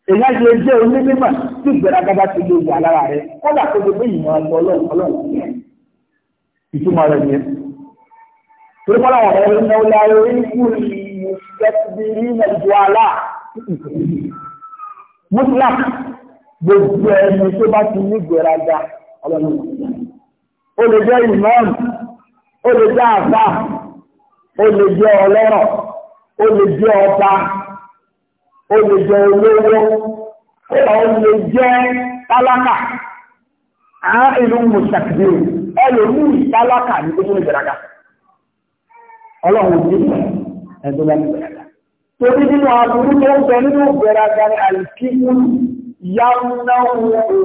rí èyí ṣe jẹ́ onímọ̀ tí ìgbéraga ti lè wà lára rẹ̀ kọ́dà tó lè gbé ìmọ̀ ọgbọ́n ọlọ́run ọlọ́run yẹn ìtumọ̀ rẹ̀ yẹn. torí kọ́dà wọn ẹ̀rọ iná ọlá orí kú ìlú kẹ́tìbìrì nàìjíríà àlá mùsùlá gbogbo ẹni tó bá ti ní ìgbéraga ọlọ́run ó lè jẹ́ ìmọ̀ọ́nù ó lè jẹ́ àgbà ó lè jẹ́ ọlọ́rọ̀ ó lè jẹ́ ọba ó lè jẹ olówó ó lè jẹ tálákà á ìlú mùsàkìdì ẹlòmíì tálákà ní gbogbo ìgbéraga ọlọ́run ti ẹ̀dọ́ lẹ́nu torí nínú aburú tó ń bẹ nínú ìgbéraga ni àìkíkú ìkọlù bá ti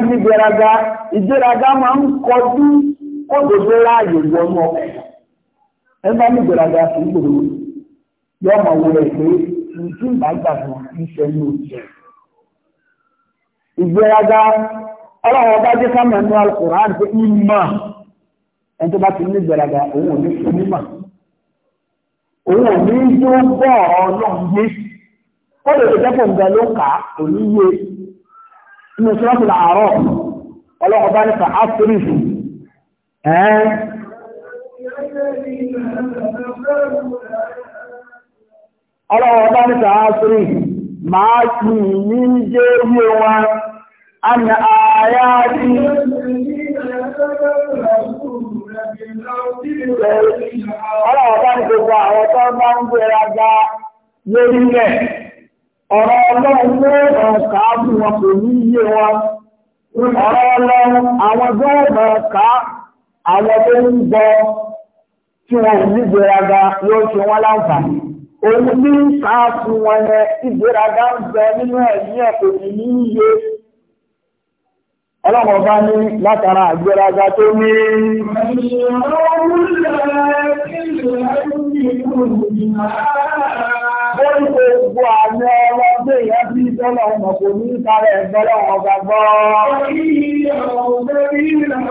ní máa ń kọjú kó wọnú ẹ bá ní ìgbéraga sí ìgbòho yóò mọ wọlé pé nǹkan ìbágbàgbọ́ ń ṣe ní òjò ìgbéraga ọlọ́wọ́ bá jẹ́ sámẹ̀ ní Al-Qur'an pé ìmọ̀ ẹni tó bá ti ní ìgbéraga òun ò ní ṣe mímọ̀ òun ò ní jó bọ́ ọlọ́run yé ó lè lè dẹ́pọ̀ nǹkan ló kà á kò ní yé inú sọ́ọ̀tì làárọ̀ ọlọ́wọ́ bá ní sàásírì ẹ́ ọlọ́wọ́ bá ní sàásírì máa kì ní jẹ́ yíò wa a ní ààyá rí ọlọ́wọ́ bá gbogbo àwọn tó bá ń lórí rẹ̀ ọ̀rọ̀ ọ̀rọ̀ àwọn ká àwọn tó ń gbọ́ tí wọn ò ní gbéraga yóò ṣe wọn láǹfààní òun ní sáàfù wọn yẹn ìgbéraga ń bẹ nínú ẹ̀mí ẹ̀ kò sì ní iye ọlọ́wọ́n bá ní látara àgbéraga tó ní. Bóyí gbogbo àmì ọwọ́ gbé ìyá bí ìjọ́lọ̀ ọmọ kò ní ìtara ẹ̀gbọ́lọ̀ ọ̀gbàgbọ́. Bóyí ọ̀gbẹ́ bí ìlànà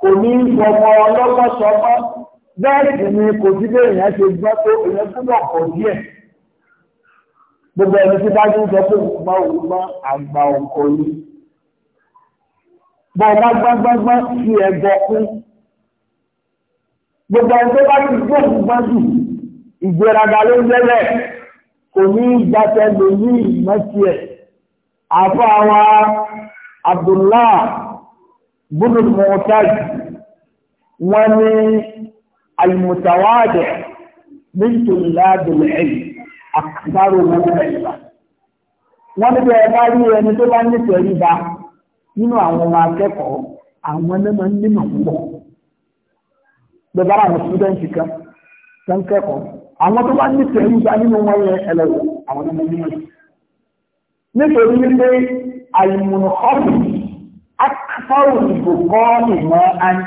kò ní ìfọmọ ọlọ́gbọ́sọmọ́ bẹ́ẹ̀ sì ni kò sí bẹ́ẹ̀ yẹn ṣe gbọ́ tó èyàn túbọ̀ pọ̀ díẹ̀ gbogbo ẹni tí bá ní sọ pé òkúmọ́ òkúmọ́ àgbà ọ̀kọ̀ yìí bọ̀ọ̀bá gbágbágbá fi ẹ̀gbọ́ kún gbogbo ẹni tó bá ti gbọ́ òkúmọ́ jù ìgbéraga ló ń lẹ́lẹ̀ kò ní ìgbàtẹ́ lè ní ìmọ̀tì ẹ̀ àfọ àwọn Abdullah بن المعتز ومن المتواضع من طلاب العلم أكثرهم علما wọ́n ní bẹ́ẹ̀ bá ẹni tó bá ní tẹríba nínú àwọn ọmọ akẹ́kọ̀ọ́ àwọn ẹni máa ń nímọ̀ púpọ̀ bẹ́ẹ̀ àwọn sídẹ́ǹtì kan tó ń kẹ́kọ̀ọ́ àwọn tó bá ní tẹríba nínú wọn yẹn ẹlẹ́wọ̀ àwọn ẹni máa ń nítorí wípé àìmùnú akọ́rù ìbò kọ́ ìmọ̀ ani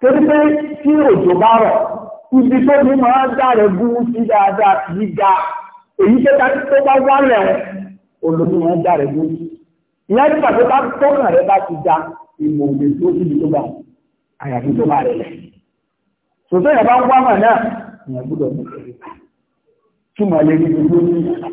torí pé tí òjò bá rọ̀ ibi tó ní máa dáre bú sí dáadáa kìí ga èyí tó dájú tó bá wálẹ̀ olómi máa dáre bú sí ìyá nígbà tó bá tọ́nà rẹ bá ti da ìmọ̀ òde tó síbi tó bá àyàfi tó bá rẹ̀ lẹ̀ sòtò ìyàbá ń wá mọ̀ náà ìyàgbọ́dọ̀ mọ̀ kẹ́kẹ́ kí lè ní gbogbo ní ìyàtọ̀.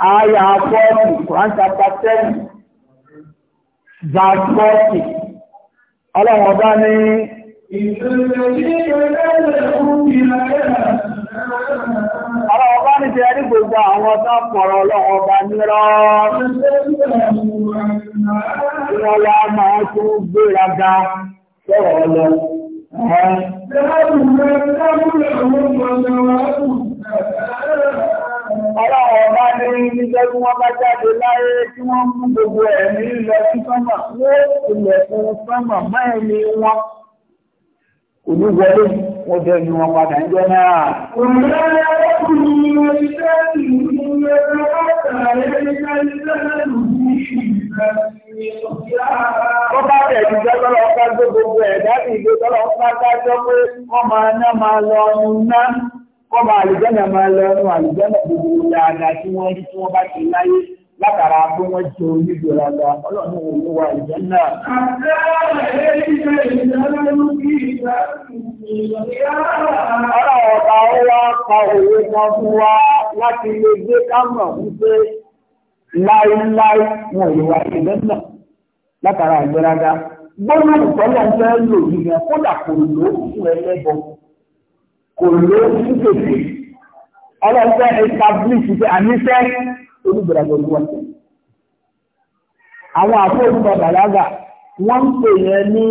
Aya 40, Quran chapter 10, verse 40. Ọlọ́run ọba ni Ọlọ́run ọba ní ti gbogbo àwọn tó pọ̀rọ̀ ọba nírọ́. máa tún Ọlọ́run bá ní níjẹ́ tí wọ́n bá jáde láyé tí wọ́n mú gbogbo ẹ̀mí lọ sí sánmà, wọ́n tilẹ̀ fún sánmà máa ní wọn. Kò ní wọlé, wọ́n jẹ́ ju wọn padà ń jẹ́ náà. Òmìnira ọkùnrin ni mo ti fẹ́ sí ní ẹgbẹ́ ọ̀tàlẹ́ nígbà ní ìgbà kọ́ba àlùjẹ́nà máa lọ ẹnu àlùjẹ́nà gbogbo dáadáa tí wọ́n rí tí wọ́n bá ti láyé látara pé wọ́n jẹ onídò lága ọlọ́run ò ní wa àlùjẹ́nà. ọ̀rọ̀ ọ̀gá ó wá pa òwe kan fún wa láti lè gbé kámọ̀ wípé láéláé wọn ò lè wà àlùjẹ́nà látara ìgbéraga gbọ́dọ̀ ìtọ́lọ́ ń fẹ́ lò yìí gan kódà kò lò ó fún ẹlẹ́bọ̀n kò ló síkèsè ọlọ́fẹ́ establish ṣe àníṣẹ́ olùgbèrègbè olúwa ṣe. àwọn àfọwọ́sọ bàlágà wọ́n ń pè yẹn ní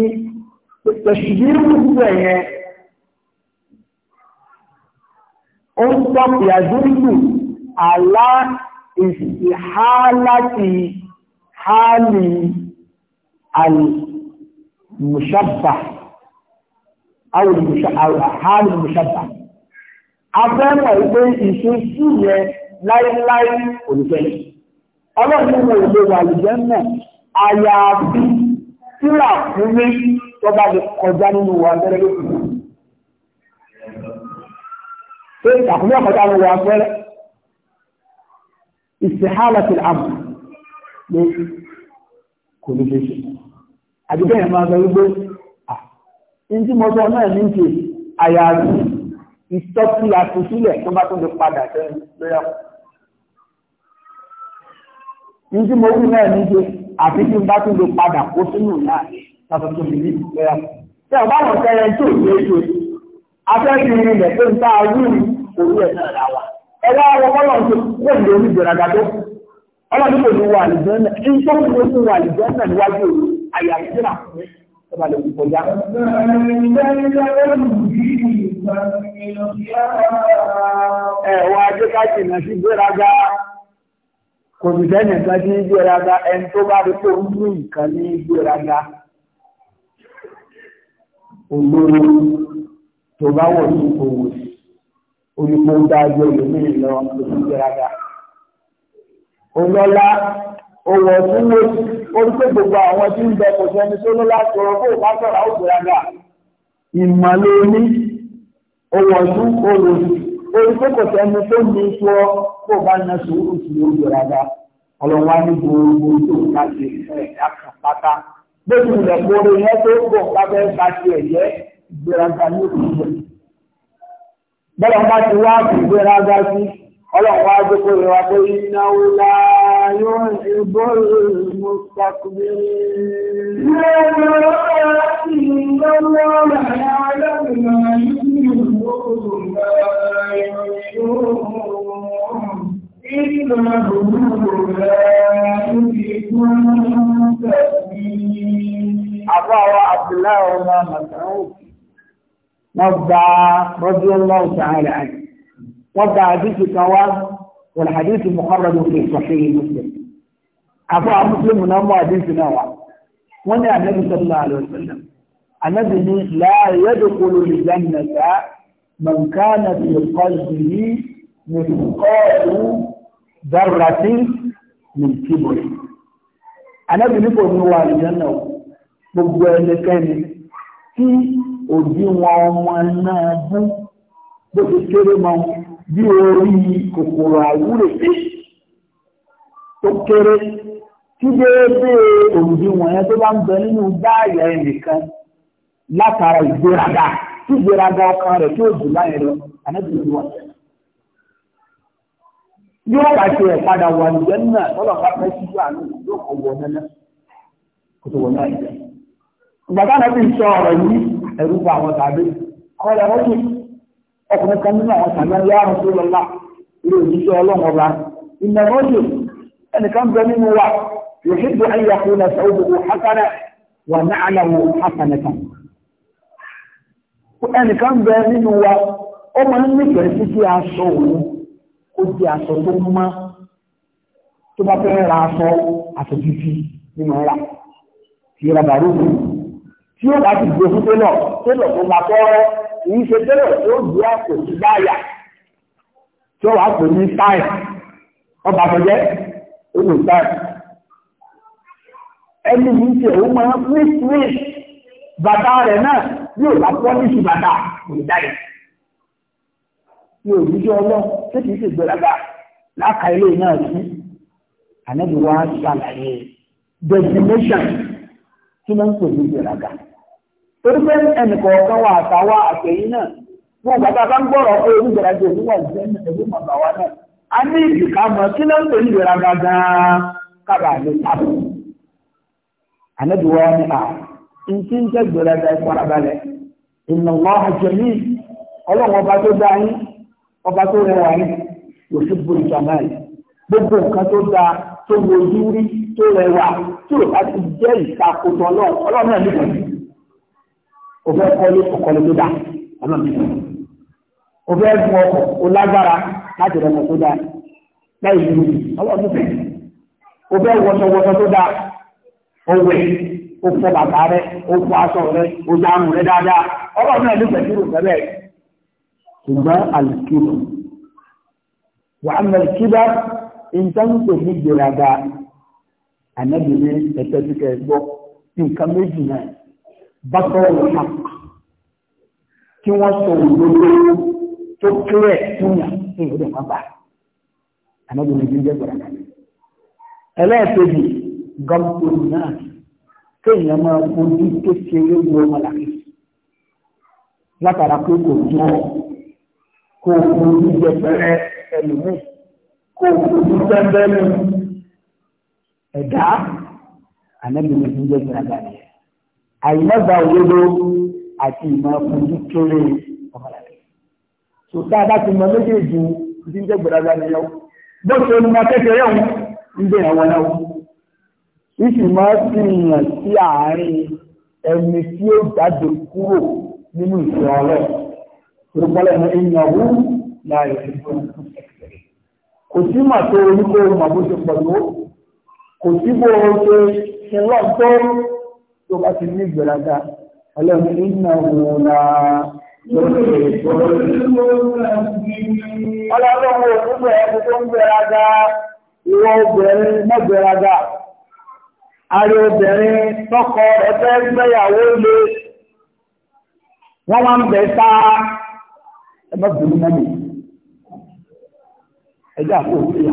tẹ̀síbírú púpọ̀ yẹn ó ń sọ ìyàdúrú àlá ìsìhálàtì hálì àlì mùsàbà. àwọn àhánù mùsàbà afẹ́mọ̀ ìpé ìṣesí yẹ láíláí olùfẹ́ ọlọ́run wà lùjẹ́ àyàfi sílà fúnmi tó bá lè kọjá nínú wa fẹ́rẹ́ ìtàkùnmí fẹ́rẹ́ ní sọ wípé tí mo sọ náà ní ṣe àyàrí ìtọ́sí àtúnṣílẹ̀ tó bá tó lè padà sẹ́yìn lóyà ní tí mo wù náà ní ṣe àti tí n bá tó lè padà kó sínú náà tàbí tó lè ní lóyà tí ọba àwọn kẹrẹ tó lè ṣe afẹ́fẹ́ ìrìnlẹ̀ tó ń tá a wù òru ẹ̀ náà dá wa ẹ̀rọ àwọn ọlọ́run tó wọ́n lè ní ìgbéraga tó ọlọ́run kò ní wà àlùjọ́ náà ní tó kù ló fún wà àlùjọ́ náà tó bá lè kú kọjá. ẹ wá dé ká jìnnà sí gbéraga kò sì sẹ́ni nǹkan sí gbéraga ẹni tó bá rí pé ń mú nǹkan ní gbéraga olóró tó bá wọ̀ ní owó olùkó dájú olùmí lọ lórí gbéraga. olọ́lá òwò ọdún wo orúkọ gbogbo àwọn tí ń bẹ sẹ́ni tó ló láti ọ̀rọ̀ kó bá sọ̀rọ̀ ó gbéra gà ìmọ̀ ló ní orúkọ kò sẹ́ni tó ní na sí ní gbogbo tó ń bá pátá ilẹ̀ yẹn tó bá ní bọ́lá bá ti wá يحب المستكبرين ولكن الله يعلم ما يحبون ما يحبون إنه لا يحب المستكبرين أبا عبد الله وما مسعود وضع رضي الله تعالى عنه وضع ذكرك وضع والحديث مخرج في صحيح مسلم أفا مسلم نوم حديث نوى وانا النبي صلى الله عليه وسلم النبي لا يدخل الجنة من كان في قلبه مثقال ذرة من كبر النبي نقول نوى الجنة gbogbo ẹnikẹ́ni tí òbí wọn ọmọ náà bú bí orí kòkòrò àwúrè tó kéré tí déédéé òǹdí wọ̀nyẹn tó bá ń bẹ nínú dáàyà ẹnìkan látara ìgbéraga tí ìgbéraga ọkàn rẹ̀ tí ó jù láyé lọ ànábìyí wọn. yóò wá ṣe ẹ̀ padà wà nìjẹ́ náà lọ́dọ̀ bá fẹ́ ṣíjú àánú yóò kọ̀ wọ̀ nẹ́nẹ́ kò tó wọ̀ náà yẹ. ìgbà táwọn ẹbí ń sọ ọ̀rọ̀ yìí ẹ̀rú pa àwọn tàbí kọ́ wọ́n tún ọkùnrin kan nínú àwọn sàmì ẹ̀yà àrùn tó lọ́la ilé òjíṣẹ́ ọlọ́run ọba ìnà rọ́jò ẹnìkan bẹ nínú wa yòókìtì ayàkú na sàwùdùkú hasanà wà ní àlàwò hasanàtà. ẹnìkan bẹ nínú wa ó máa ń nífẹ̀ẹ́ sí kí aṣọ òun ó di aṣọ tó mọ́ tó bá fẹ́ ra aṣọ aṣọ títí nínú ọ̀la tí ra bàrú tí ó bá ti gbé fún télọ̀ télọ̀ tó máa tọ́rọ́ kì í ṣe tẹ́lẹ̀ tó di àpò sí báyà tí ó wà pè ní táì ọba àfẹ́jẹ́ ó lò táì ẹni yìí ṣe òun máa ń bàtà rẹ̀ náà yóò bá pọ́ ní ṣù bàtà kò ní dáyà yóò rí ọlọ́ tí kì í ilé náà sí torí pé ẹnìkọ̀ọ̀kan wà àtàwà àtẹ̀yìn náà wọn bàbá bá gbọ́rọ̀ pé onígbàrájọ òwúwà jẹ́ ẹ̀rú màbà wa náà a ní ìdìkà mọ̀ kí ló ń pè ní ni à ń tí ń ìfarabalẹ̀ ọlọ́run ọba tó dá yín ọba tó rẹwà yín yóò yìí gbogbo nǹkan tó dáa tó lójú rí tó rẹwà tó o fẹ́ kọ́lé ọkọlẹ tó dá ọlọ́run ti fún o fẹ́ gun ọkọ̀ o lágbára láti rẹ ọkọ̀ tó dá láì lórí ọlọ́run fẹ́ o fẹ́ wọṣọwọṣọ tó dá ọwẹ́ o fọ bàtà rẹ o fọ aṣọ rẹ o já àrùn rẹ dáadáa ọlọ́run náà ló fẹ́ kí ló fẹ́ bẹ́ẹ̀ wà á mẹ́rin kíbá ìtànkò ní gbèràgà ànábìrin ẹ̀tẹ́síkẹ́ gbọ́ nǹkan méjì náà bàtọ́rọ̀ ìhàk kí wọ́n sọ òdodo tó kílẹ̀ túnyà ní ìlú ìkan bá àmọ́jọ́ ní ìdíjẹ́ gbọ́dọ̀ kan ẹlẹ́ẹ̀kejì gọ́ọ̀tù náà kéèyàn máa fojú kékeré wo ọmọlàkì látara pé kò tó kó fojú jẹpẹrẹ ẹlòmíì kó fojú tẹ́ńbẹ́lú ẹ̀dá àmọ́jọ́ ní ìdíjẹ́ gbọ́dọ̀ kan Ayi òdodo àti ìmọ̀ ojú kéré ọmọlàkẹ́. sòtá bá ti mọ méjèèjì ni bó ṣe mọ kékeré òun ń gbé àwọn náà ìsì máa ń fìyàn sí àárín ẹni tí ó jáde kúrò nínú ìṣẹ́ ọ̀rẹ́ ìrúpọ̀lẹ̀ ní ìyàwó láàrin ìṣẹ́ kò sí mà tó oníkó mà bó ṣe kò sí tó bá ti ní ìgbéraga ọlọ́run iná òun la lókè ọlọ́run òkúgbẹ ẹni tó ń gbéraga ìwọ obìnrin mọ́gbéraga ààrẹ obìnrin tọkọ ẹgbẹ́ gbéyàwó lé wọ́n máa ń bẹ̀ sáá ẹ má bùrú mọ́mì ẹjọ́ àpò òkú yà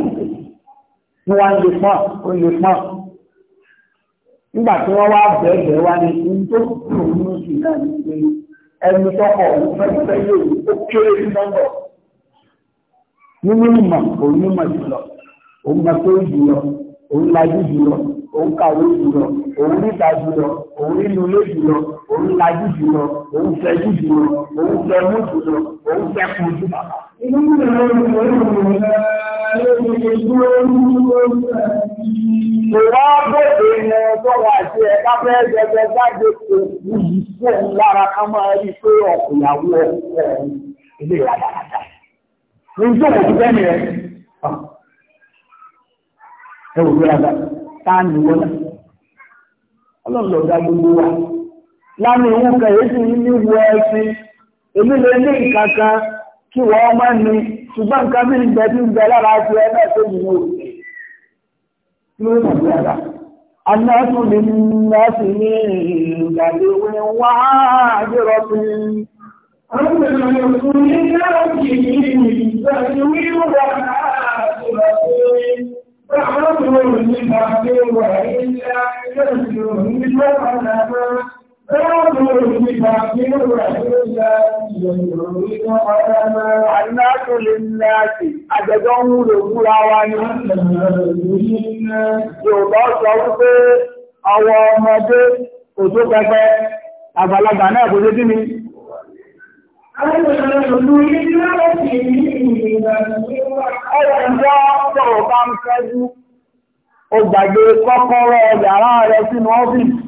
wọ́n wá ń lè pọ́n ó ń lè pọ́n nígbà tí wọ́n wá bẹ̀ẹ̀bẹ̀ wá ní tó kù nínú sí náà ní pé ẹni tọkọ fẹ́fẹ́ yóò ó kéré sí nọ́mbà nínú ìmọ̀ òun jùlọ òun mọ̀ tó jùlọ òun lajú jùlọ òun kàwé jùlọ òun níta jùlọ òun nínú ilé jùlọ òun lajú jùlọ òun fẹjú jùlọ òun fẹmú jùlọ òun fẹkùn jùlọ. inú mi ló ń lò ó lò ó lò ó. fẹ́ gẹ́gẹ́ jáde òkú yìí fún un lára ká máa rí pé ọ̀pọ̀ ìyàwó ọ̀pọ̀ ilé ìwà dáadáa. Ní ni Ẹ wò lóra dá, tá a nìwọ́ náà. Ọlọ́run lọ gbogbo wa. Lánàá kan èyí sì ní wọ Èmi lè ní nǹkan kan kí wọ́n ní ṣùgbọ́n nǹkan bí ń lára ti tó Kí ló ń الناس للناس بلغ وعاجرة الناس للناس بلغ وعاجرة فعرضوا لبعض وإلا يجروا من Àìnáàtò lè láti àjẹjọ́ ń rò múra wa ní Yorùbá sọ wípé àwọ ọmọdé kò tó pẹpẹ àgbàlagbà náà kò tó dínì. Ọwọ́ ìjọ́ sọ̀rọ̀ bá ń kẹ́jú, ó gbàgbé kọ́kọ́rọ́ yàrá rẹ̀ sínú ọ́fíìsì.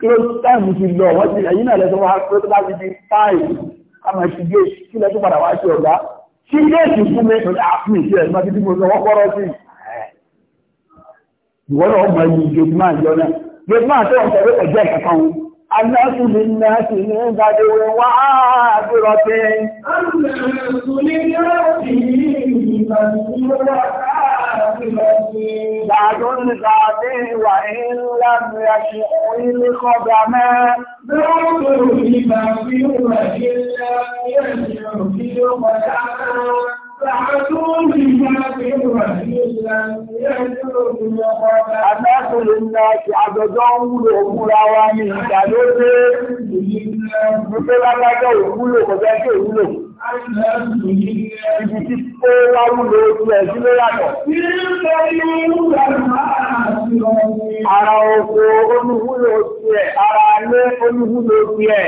close time ti lọ wọ́n ti ẹ̀yìn náà lẹ́sọ́ wá pé tó bá ti di time àmọ́ ti gé kí lẹ́tọ́ padà wá sí ọ̀gá tí géètì fún mi pẹ̀lú àfihàn ah, sí ẹ̀sùn àti dìbò lọ́wọ́ kọ́rọ́ sí ìwọ náà mọ ẹni gate man yọ náà gate man tó ń sọ pé ọjọ́ ìkẹta wọn aláṣù mi náà sì ní ìgbàdé بعد الغد وإن لم يشئ الخدم بعد الغد وإن لم يشئ الخدم Àtàkùn ìrìnà ti àjọjọ́ ń wúlò òmúra wa ní ìjà ló dé ìgbé lágbàjọ́ ìwúlò kọjá sí ìwúlò. Ibi tí ó wá wúlò ojú ẹ̀sí ló yàtọ̀. Ara oko olúwúlò ojú ẹ̀, ara alé olúwúlò ojú ẹ̀.